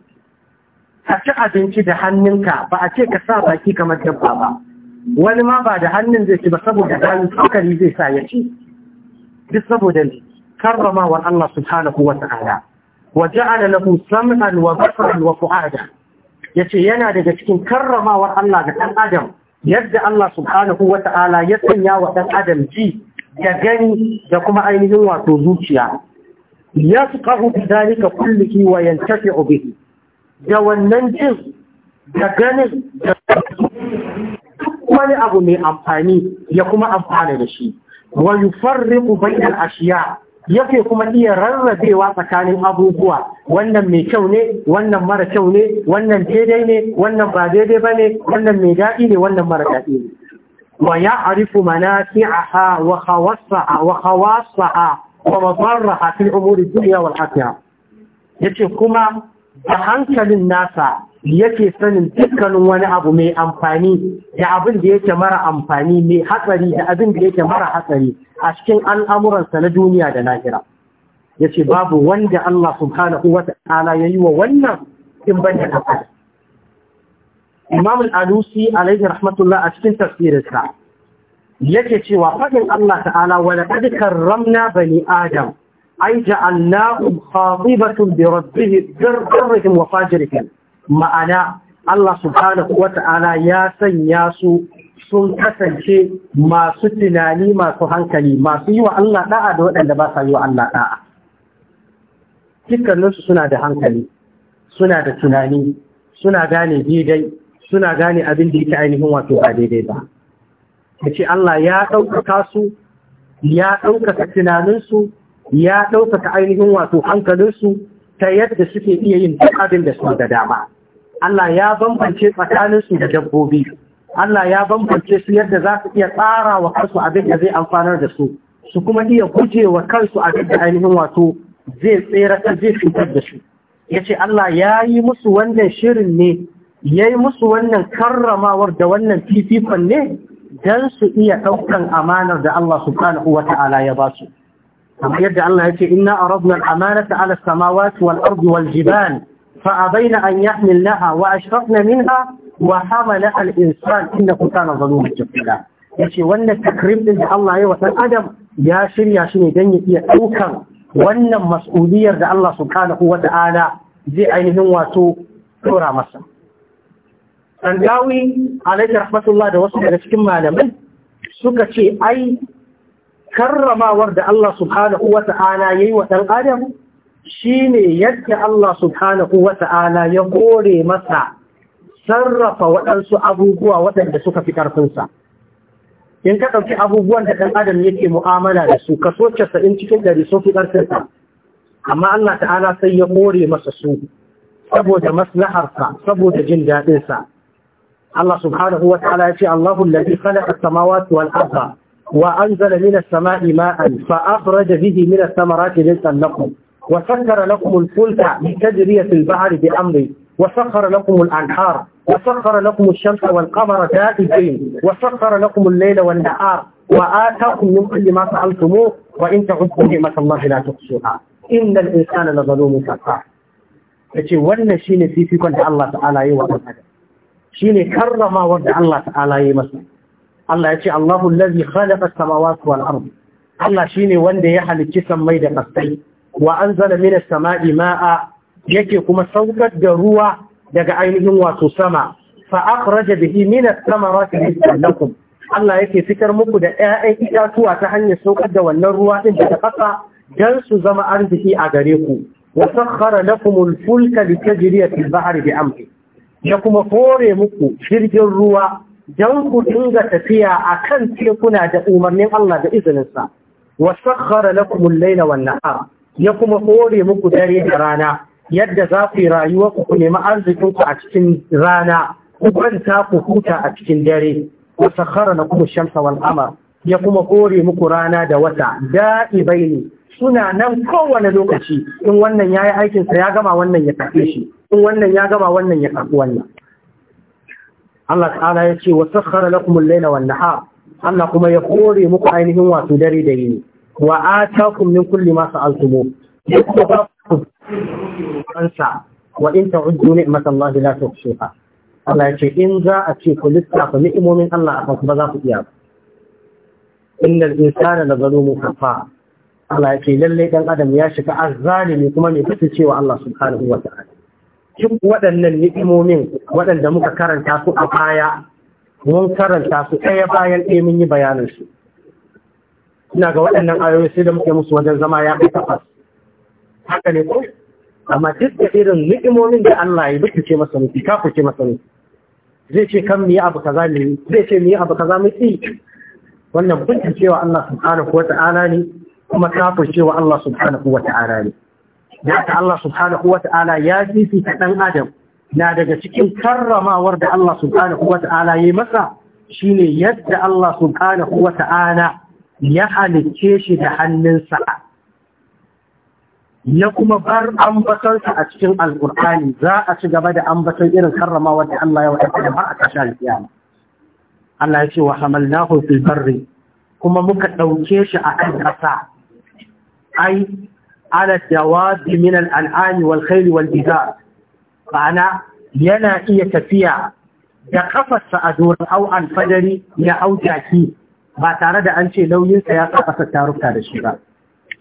ka ci abinci da hannunka ba a ce ka sa baki kamar dabba ba wani ma ba da hannun zai ci ba saboda hannun tsakari zai sa ya ci duk saboda karramawar Allah subhanahu wa ta'ala wa ja'ala lahu sam'an wa basaran wa fu'ada yace yana daga cikin karramawar Allah ga ɗan adam yadda Allah subhanahu wa ta'ala ya sanya wa ɗan adam ji da gani da kuma ainihin wato zuciya ya suqahu bidalika kullihi wa yantafi'u bihi da wannan jin da ganin da wani abu mai amfani ya kuma amfana da shi wa yufarriqu bainal ashiya yake kuma iya rarrabewa tsakanin abubuwa wannan mai kyau ne wannan mara kyau ne wannan daidai ne wannan ba daidai bane wannan mai daɗi ne wannan mara daɗi ne wa ya'rifu manafi'aha wa khawassaha wa khawassaha wa madarraha fil umuri dunya wal akhirah yace kuma da hankalin nasa yake sanin dukkanin wani abu mai amfani da abin da yake mara amfani mai hatsari da abin da yake mara hatsari a cikin al'amuransa na duniya da lahira ya ce babu wanda Allah subhanahu wa ta'ala ya yi wa wannan in ban banda kafar imam al'alusi alaihi rahmatullah a cikin tafsirinsa yake cewa faɗin Allah ta'ala wa laqad karramna bani adam ai ja'alnahum khatibatun bi rabbihim darrihim wa fajrihim ma'ana Allah subhanahu wata'ala ya sanya su sun kasance masu tunani masu hankali masu yi wa Allah da'a da waɗanda ba sa yi wa Allah da'a dukkaninsu suna da hankali suna da tunani suna gane daidai suna gane abin da yake ainihin wato a daidai ba ya ce Allah ya ɗaukaka su ya ɗaukaka tunaninsu ya ɗaukaka ainihin wato hankalinsu ta yadda suke iya yin duk abin da su da dama Allah ya bambance tsakaninsu da dabbobi Allah ya bambance su yadda za su iya tsara wa kansu abin da zai amfanar da su su kuma iya guje wa kansu abin da ainihin wato zai tsere zai fitar da su ya ce Allah ya yi musu wannan shirin ne ya yi musu wannan karramawar da wannan fifikon ne don su iya ɗaukan amanar da Allah subhanahu wa ta'ala ya ba su kamar yadda Allah ya ce inna aradna al-amanata ala samawati wal ardi wal jibal فأبين na يحملنها وأشفقن منها وحملها الإنسان إنه كان ظلوما جبلا yace wannan takrim din da Allah ya wa dan adam ya shirya shi ne dan iya daukar wannan mas'uliyar da Allah subhanahu wata'ala zai ainihin wato tura masa Sandawi alaihi rahmatullah da wasu daga cikin malamai suka ce ai karramawar da Allah subhanahu wata'ala yayi wa ɗan adam shine yadda Allah subhanahu wa ta'ala ya kore masa sarrafa waɗansu abubuwa waɗanda suka fi ƙarfinsa. In ka ɗauki abubuwan da ɗan adam yake mu'amala da su, kaso in cikin ɗari sun fi ƙarfinsa, amma Allah ta'ala sai ya kore masa su, saboda maslaharsa, saboda jin daɗinsa. Allah subhanahu wa ta'ala ya ce, Allahu lalli khalaqa samawati wal wa anzala minas sama'i ma'an fa akhraja bihi minas samarati rizqan lakum وسخر لكم الفلك لتجري في البحر بأمره وسخر لكم الأنهار وسخر لكم الشمس والقمر دائبين وسخر لكم الليل والنهار وآتاكم من كل ما سألتموه وإن تعدوا نعمة الله لا تحصوها إن الإنسان لظلوم كفار yace wannan shine fifikon da Allah ta'ala yayi wa ɗan shine karramawar wanda Allah ta'ala yi masa Allah yace Allahu allazi khalaqa as-samawati wal ard Allah shine wanda ya halicci sammai da kasai wa an zana mina sama'i ma'a yake kuma saukar da ruwa daga ainihin wato sama fa akhraja bihi minas samarati rizqan Allah yake fitar muku da 'ya'yan itatuwa ta hanyar saukar da wannan ruwa ɗin da ta ƙasa dan su zama arziki a gare ku wa sakhkhara lakum al-fulka litajriya fil bahri bi amri ya kuma fore muku jirgin ruwa dan ku dinga tafiya akan tekuna da umarnin Allah da izininsa wa sakhkhara lakum al-layla wan nahara ya kuma kore muku dare da rana yadda za ku yi rayuwa ku nemi arzikinku a cikin rana ku kwanta ku huta a cikin dare ku sakhara na kuma shamsa wal qamar ya kuma kore muku rana da wata ne, suna nan kowane lokaci in wannan yayi aikin sa ya gama wannan ya kafe shi in wannan ya gama wannan ya karbi wannan Allah ta'ala ya ce wa sakhara lakum al-laila wan nahar Allah kuma ya kore muku ainihin wato dare da yini wa atakum min kulli ma sa'altum ansa wa in ta'uddu ni'matallahi la tuhsuha Allah ya ce in za a ce ku lissafa ni'imomin Allah a kanku ba za ku iya ba innal insana la zalumun kafa Allah ya ce lalle dan adam ya shiga azzalimi kuma mai fice cewa Allah subhanahu wa ta'ala duk waɗannan ni'imomin waɗanda muka karanta su a baya mun karanta su ɗaya bayan ɗaya mun yi bayanin su ina ga waɗannan ayoyi sai da muke musu wajen zama ya kai tafas haka ne ko amma duk da irin ni'imomin da Allah ya duk ce masa miki ka ku ce masa miki zai ce kan mu abu kaza ne zai ce mu abu kaza mu ci wannan kuncin cewa Allah subhanahu wa ta'ala ne kuma kafir cewa Allah subhanahu wa ta'ala ne ya haka Allah subhanahu wa ta'ala ya fifita dan adam na daga cikin karramawar da Allah subhanahu wa ta'ala ya yi masa shine yadda Allah subhanahu wa ta'ala ya halicce shi da hannunsa ya kuma bar ambatonsa a cikin alkur'ani za a ci gaba da ambaton irin karrama wanda Allah ya wadatar da ba a kashe alkiyama Allah ya ce wa hamalnahu fil barri kuma muka ɗauke shi a kan ƙasa ai ala jawabi min al'ami wal khayl wal bizar yana iya tafiya da kafarsa a doron au alfadari ya au jaki ba tare da an ce nauyinsa ya saba tarukta da shi ba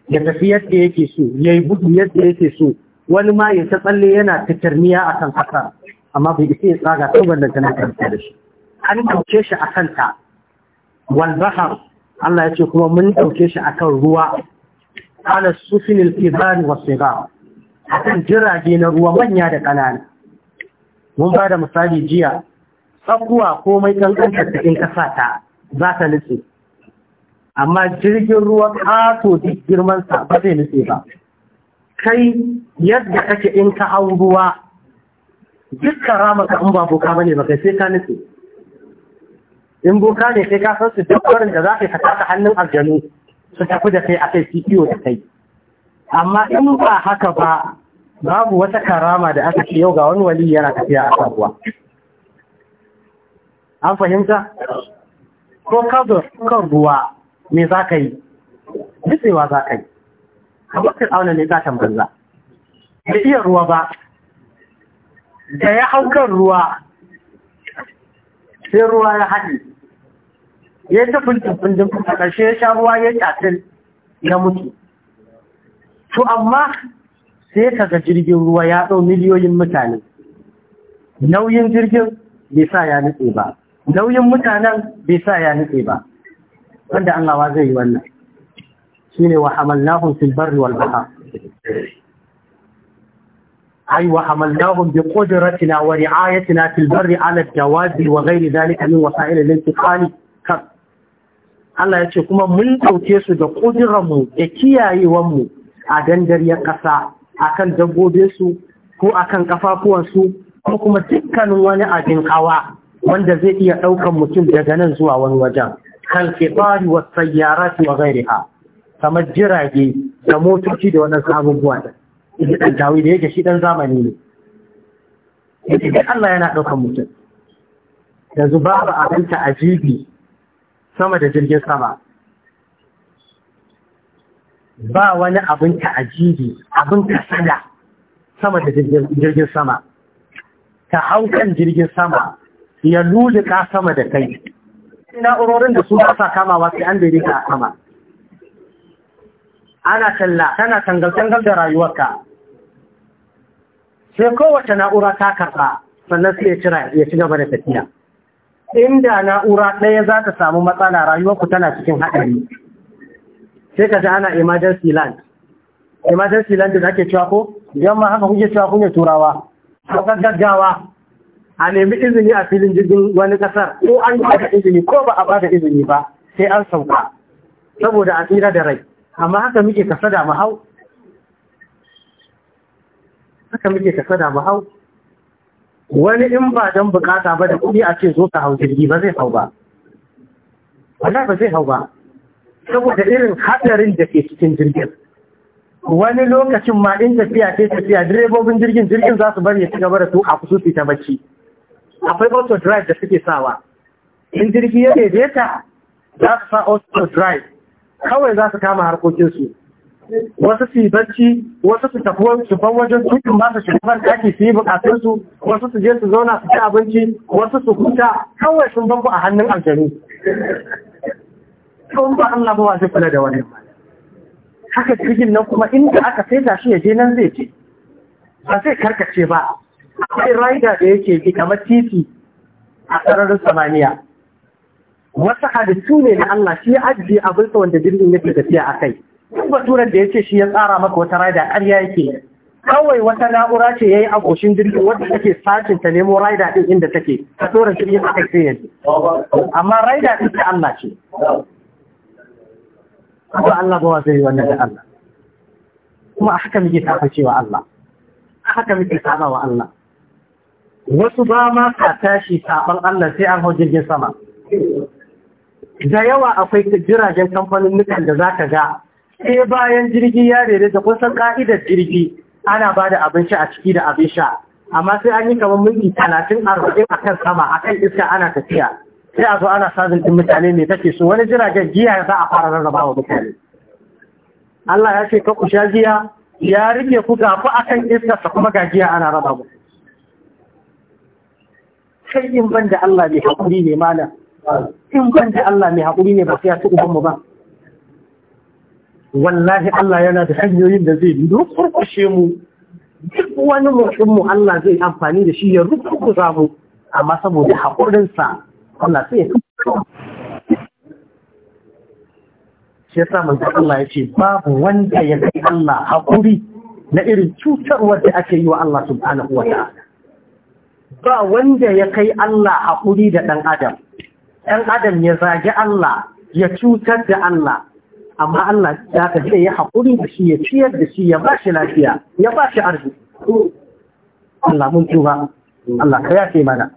da tafi yadda yake so ya yi gudu yadda yake so wani ma ya ta tsalle yana takarniya a kan ƙasa amma bai isa ya tsaga ta wannan tana da shi an ɗauke shi a kanta walbahar Allah ya ce kuma mun ɗauke shi a kan ruwa ala sufinil kibari wa siga a kan jirage na ruwa manya da ƙanana mun ba da misali jiya tsakuwa komai ƙanƙantar ta in ƙasa ta za ta nutse amma jirgin ruwa kato duk girmansa ba zai nutse ba kai yadda kake in ka hau ruwa duk karama ka in ba boka bane ba kai sai ka nutse in boka ne sai ka san su dabbarin da za ka saka ta hannun aljanu su tafi da kai a akai CPO da kai amma in ba haka ba babu wata karama da aka ce yau ga wani wali yana tafiya a kan an fahimta ko kadur kan ruwa me za ka yi nitsewa za ka yi abokin auna ne za ta banza bai iya ruwa ba da ya hau kan ruwa sai ruwa ya haɗe ya ta fulcin fundin a ƙarshe ya sha ruwa ya ƙatil ya mutu to amma sai ka ga jirgin ruwa ya ɗau miliyoyin mutane nauyin jirgin bai sa ya nutse ba nauyin mutanen bai sa ya nutse ba wanda Allah zai yi wannan ne wa nahun fil barri wal bahr ay wa hamalnahum bi qudratina wa ri'ayatina fil barri ala dawabi wa ghairi dhalika min wasa'il al-intiqal Allah ya ce kuma mun dauke su da kudirarmu da kiyayewanmu a dandariyar ƙasa kan dabbobinsu ko a kan kafafuwansu ko kuma dukkanin wani abin kawa wanda zai iya ɗaukan mutum daga nan zuwa wani wajen kalfitari wa su wa ghairiha kamar jirage da motoci da waɗansu abubuwa da ɗan tawi da yake shi ɗan zamani ne yake da Allah yana ɗaukan mutum a babu abin ta'ajibi sama da jirgin sama ba wani abin ta'ajibi abin kasada sama da jirgin sama ta hau kan jirgin sama ya ka sama da kai na'urorin da su ba sa kama wasu an da a sama ana talla tana tangal-tangal da rayuwarka sai kowace na'ura ta karɓa sannan sai ya cira ya ci gaba da tafiya inda na'ura ɗaya za ta samu matsala rayuwarku tana cikin haɗari sai ka ji ana emergency land emergency land da ake cewa ko yamma haka kuke cewa kuke turawa ko gaggawa a nemi izini a filin jirgin wani kasar ko an da izini ko ba a bada izini ba sai an sauka saboda a tsira da rai amma haka muke kasada mu hau haka muke kasa da mahau wani in ba don bukata ba da kuɗi a ce zo ka hau jirgi ba zai hau ba wala ba zai hau ba saboda irin hadarin da ke cikin jirgin wani lokacin ma in tafiya ce tafiya direbobin jirgin jirgin za su bari ya ci gaba da su a kusurci ta bacci akwai auto drive da suke sawa in jirgi ya daidaita za su sa auto drive kawai za su kama harkokinsu wasu su yi barci wasu su tafi ban wajen tukin ba su shugaban daki su yi bukatunsu wasu su je su zauna su ci abinci wasu su huta kawai sun banku a hannun aljanu sun ba Allah ba zai kula da wani haka jirgin nan kuma inda aka saita shi ya je nan zai ce ba zai karkace ba akwai raida da yake fi kamar titi a sararin samaniya wasu hadisu ne na Allah shi ya ajiye abin sa wanda jirgin yake tafiya a kai duk baturan da yace shi ya tsara maka wata raida ƙarya yake kawai wata na'ura ce yayi a goshin jirgin wanda take sacin ta nemo raida din inda take ta tsora jirgin a kai sai amma raida din ta Allah ce ko Allah ba zai wannan da Allah kuma a haka muke tafa cewa Allah a haka muke tafa wa Allah wasu ba ma ka tashi saɓan Allah sai an hau jirgin sama da yawa akwai jiragen kamfanin nukan da za ka ga sai bayan jirgi ya rere da kusan ka'idar jirgi ana ba da abinci a ciki da abin sha amma sai an yi kamar minti talatin arba'in a kan sama a kan iska ana tafiya sai a zo ana sazin ɗin mutane ne take so wani jiragen giya za a fara rarraba wa mutane Allah ya ce ka ku sha giya ya rike ku a akan iska ta kuma ga giya ana raba muku kai in ban da Allah mai haƙuri ne mana, in ban da Allah mai haƙuri ne ba sai ya ci ubanmu ba wallahi Allah yana da hanyoyin da zai rukurkushe mu duk wani mutum mu Allah zai amfani da shi ya rukurkusa mu amma saboda haƙurinsa Allah sai ya shi yasa manzo Allah ya ce babu wanda ya kai Allah haƙuri na irin cutarwar da ake yi wa Allah subhanahu wa ta'ala ba wanda ya kai Allah haƙuri da ɗan adam ɗan adam ya zagi Allah ya cutar da Allah amma Allah ya ka da ya haƙuri da shi ya ciyar da shi ya ba shi lafiya ya ba shi arziki Allah mun tuba Allah ka yafe mana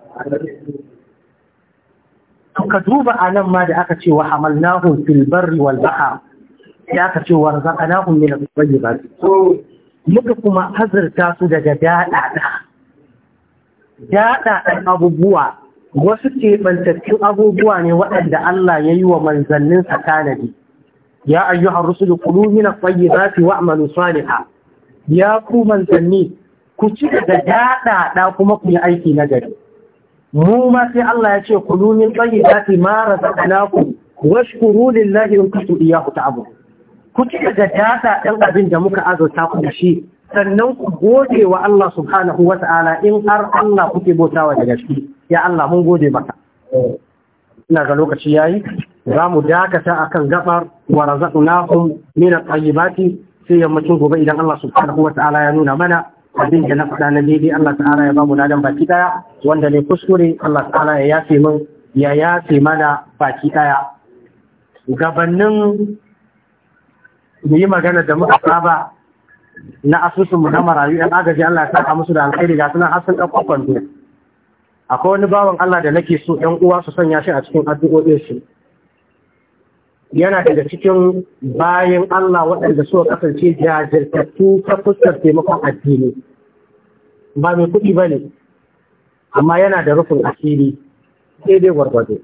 ka duba a nan ma da aka ce wa hamalnahum fil barri wal bahr ya aka ce wa razaqnahum min at-tayyibat muka kuma hazarta su daga daɗaɗa daɗaɗan abubuwa wasu keɓantattun abubuwa ne waɗanda Allah ya yi wa manzannin manzanninsa tanadi. Ya ayyuhar rusulu kulu za su wa amalu salihan. Ya ku manzanni ku ci daga daɗaɗa kuma ku yi aiki na gari. Mu ma sai Allah ya ce kulu min mara ma wasu kuru lillahi in ku ta abu. Ku ci daga daɗaɗan abin da muka azurta ku shi sannan ku gode wa Allah subhanahu wa ta'ala in har Allah kuke bautawa da gaske ya Allah mun gode maka ina ga lokaci yayi za mu dakata akan gabar wa razaqnakum min at-tayyibati sai yammacin gobe idan Allah subhanahu wa ta'ala ya nuna mana abin da na faɗa na daidai Allah ta'ala ya ba mu ladan baki daya wanda ne kuskure Allah ta'ala ya yafe min ya yafe mana baki daya Gabanin mu yi magana da muka saba na asusunmu na marayu 'yan agaji Allah ya saka musu da alkhairi ga suna har sun ɗauko kwando akwai wani bawan Allah da nake so 'yan uwa su sanya shi a cikin addu'o'in su. yana daga cikin bayan Allah waɗanda suka kasance jajirtattu ta fuskar taimakon addini ba mai kuɗi ba ne amma yana da rufin asiri sai dai gwargwado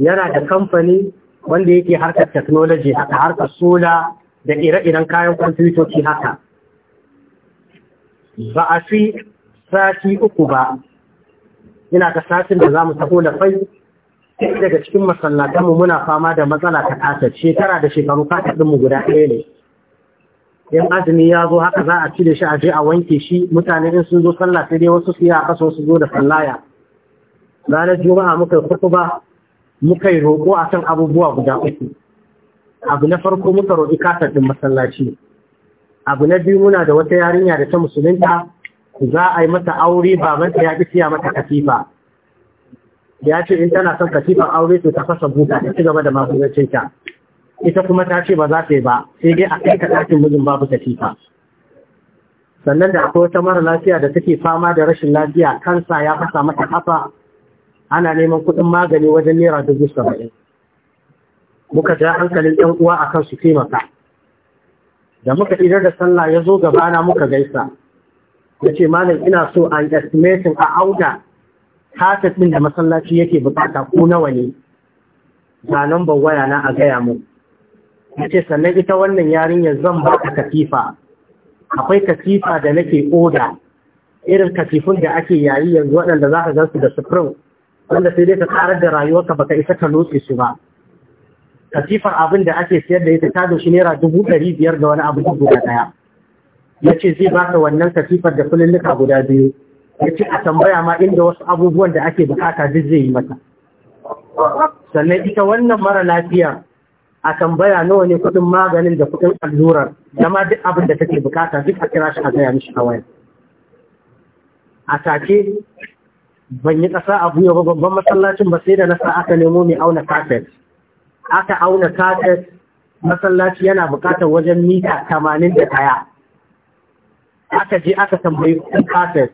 yana da kamfani wanda yake harkar technology haka harkar sola da ire-iren kayan kwamfutoci haka ba a fi sati uku ba ina ka satin da za mu taho da fai daga cikin masallatanmu muna fama da matsala ta kasa shekara da shekaru mu guda ɗaya ne yan azumi ya zo haka za a cire shi a je a wanke shi mutane in sun zo sallah sai dai wasu su yi a kaso su zo da sallaya ranar juma'a muka yi kutuba muka yi roƙo a kan abubuwa guda uku abu na farko muka roƙi kasar ɗin masallaci abu na biyu muna da wata yarinya da ta musulunta za a yi mata aure babanta ya ƙi siya mata katifa ya ce in tana son katifan aure to ta fasa buta ta ci gaba da magunancinta ita kuma ta ce ba za ta yi ba sai dai a kai ka ɗakin mijin babu katifa sannan da akwai wata mara lafiya da take fama da rashin lafiya kansa ya fasa mata kafa ana neman kuɗin magani wajen naira dubu saba'in muka ja hankalin ɗan uwa a kan su taimaka da muka idar da sallah ya zo gaba na muka gaisa ya ce malam ina so an estimating a auda Kafet ɗin da masallaci yake bukata ko nawa ne ga nambar waya na a gaya mu ya ce sannan ita wannan yarinyar zan ba ta katifa akwai katifa da nake oda irin katifun da ake yayi yanzu waɗanda za ka gansu da supreme. wanda sai dai ka karar da rayuwarka baka isa ka lotse su ba katifar abin da ake siyar da ita ta doshi naira dubu ɗari biyar da wani abu guda ɗaya ya ce zai baka wannan katifar da kululluka guda biyu ya ce a tambaya ma inda wasu abubuwan da ake bukata duk zai yi mata sannan ita wannan mara lafiya a tambaya nawa ne kuɗin maganin da kuɗin allurar zama duk abin da take bukata duk a kira shi a gaya mishi a waya a take ban yi ƙasa a buya ba babban masallacin ba sai da na sa aka nemo mai auna kafet aka auna kaɗa masallaci yana bukatar wajen mita tamanin da kaya. aka je aka tambayi kuɗin kafet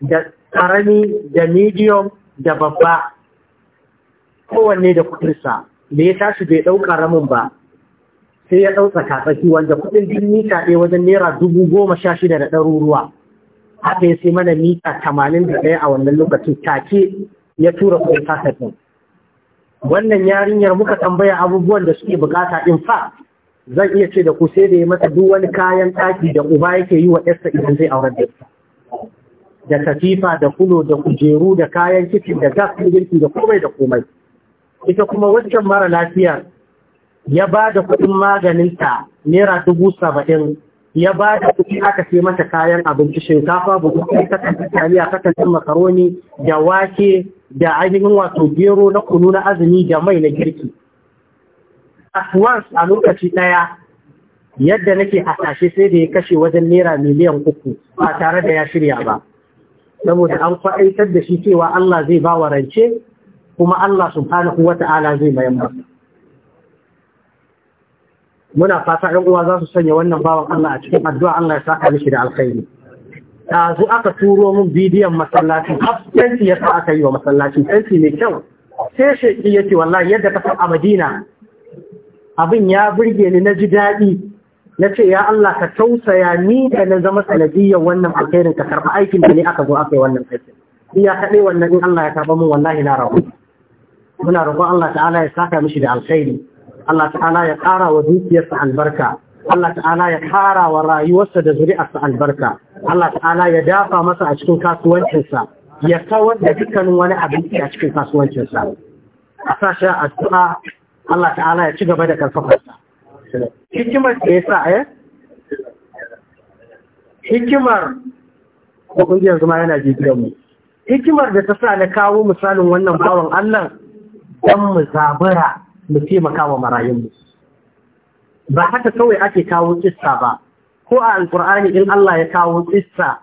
da ƙarami da medium da babba kowanne da kuɗinsa da ya tashi bai ɗau ƙaramin ba sai ya ɗau tsakatsaki wanda kuɗin din mita ɗaya wajen naira dubu goma sha shida da ɗaruruwa haka ya sai mana mita tamanin da ɗaya a wannan lokacin take ya tura kuɗin kafet wannan yarinyar muka tambaya abubuwan da suke bukata in fa zan iya ce da ku sai da ya mata duk wani kayan ɗaki da uba yake yi wa yarsa idan zai aurar da ita da katifa da kulo da kujeru da kayan kicin da gas da girki da komai da komai ita kuma wancan mara lafiyar. ya ba da kuɗin maganinta naira dubu saba'in ya ba da kuɗi aka sai mata kayan abinci shinkafa buku kai katantin taliya katantin makaroni da wake da ainihin wato gero na kunu na azumi da mai na girki aswans a lokaci ɗaya yadda nake hasashe sai da ya kashe wajen naira miliyan uku ba tare da ya shirya ba saboda an faɗaitar da shi cewa Allah zai ba wa rance kuma Allah subhanahu wa ta'ala zai bayan ba. muna fata 'yan uwa za su sanya wannan bawan Allah a cikin addu'a Allah ya saka mishi da alkhairi ɗazu aka turo min bidiyon masallacin fenti ya sa aka yi wa masallacin fenti mai kyau sai shaƙi ya ce wallahi yadda ka san madina abin ya burge ni na ji daɗi na ce ya Allah ka tausaya ni da na zama sanadiyyar wannan alkhairin ka karɓi aikin da ne aka zo aka yi wannan aikin iya kaɗai wannan in Allah ya karɓa min wallahi na rabu muna roƙon Allah ta'ala ya saka mishi da alkhairi Allah ta'ala ya ƙara wa dukiyarsa albarka Allah ta'ala ya ƙara wa rayuwarsa da zuri'arsa albarka Allah ta'ala ya dafa masa a cikin kasuwancinsa ya kawar da dukkanin wani abinci a cikin kasuwancinsa a a addu'a Allah ta'ala ya ci gaba da karfafarsa hikimar da ya sa a eh? hikimar ko ƙungiyar zuma yana jijiyar mu hikimar da ta sa na kawo misalin wannan bawan Allah don mu zabura mu taimaka wa marayunmu ba haka kawai ake kawo kista ba ko a alkur'ani in Allah ya kawo kissa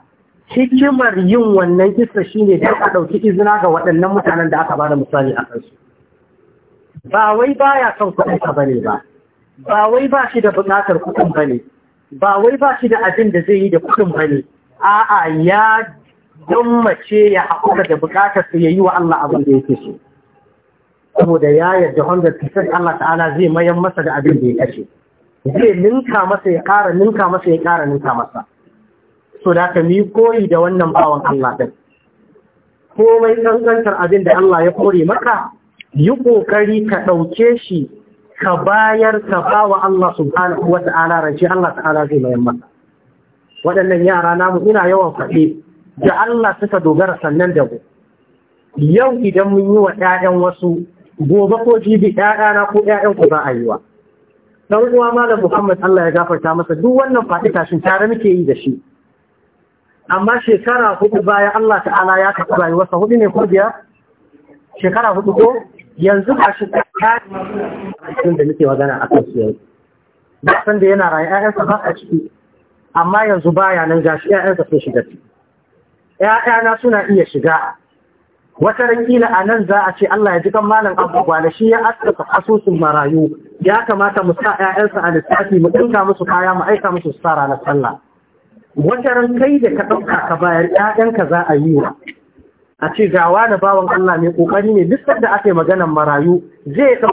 hikimar yin wannan kissa shine da aka ɗauki izina ga waɗannan mutanen da aka bada misali a kansu ba wai baya son kuɗin ka bane ba ba wai ba shi da buƙatar kuɗin bane ba wai ba shi da abin da zai yi da kuɗin bane a'a ya mace ya haƙura da buƙatar su ya yi wa Allah abin da yake so saboda ya yarda 100% Allah ta'ala zai mayan masa da abin da ya kashe zai ninka masa ya ƙara ninka masa ya ƙara ninka masa so da ka mi koyi da wannan bawan Allah ɗin komai ɗanɗantar abin da Allah ya kore maka yi ƙoƙari ka ɗauke shi ka bayar ka ba wa Allah subhanahu wa ta'ala rance Allah ta'ala zai mayan maka waɗannan yara namu ina yawan faɗi da Allah suka dogara sannan da ku yau idan mun yi wa 'ya'yan wasu gobe ko jibi 'ya'yana ko 'ya'yanku za a yi wa dan uwa malam Muhammad Allah ya gafarta masa duk wannan faɗi tashin tare muke yi da shi amma shekara hudu baya Allah ta'ala ya kafa rayuwarsa hudu ne ko biya shekara hudu ko yanzu ba shi tsarin da muke magana a kan su ba san da yana rayu sa ba a ciki amma yanzu baya nan gashi ƴaƴansa sun shiga ciki na suna iya shiga wata rakila a nan za a ce Allah ya ji kan malam abubuwa da shi ya askata asusun marayu ya kamata mu sa 'ya'yansa a lissafi mu dinka musu kaya mu aika musu su sara na sallah wata ran kai da ka ɗauka ka bayar ƴaƴanka za a yi wa a ce gawa da bawan Allah mai ƙoƙari ne duk sanda aka maganar marayu zai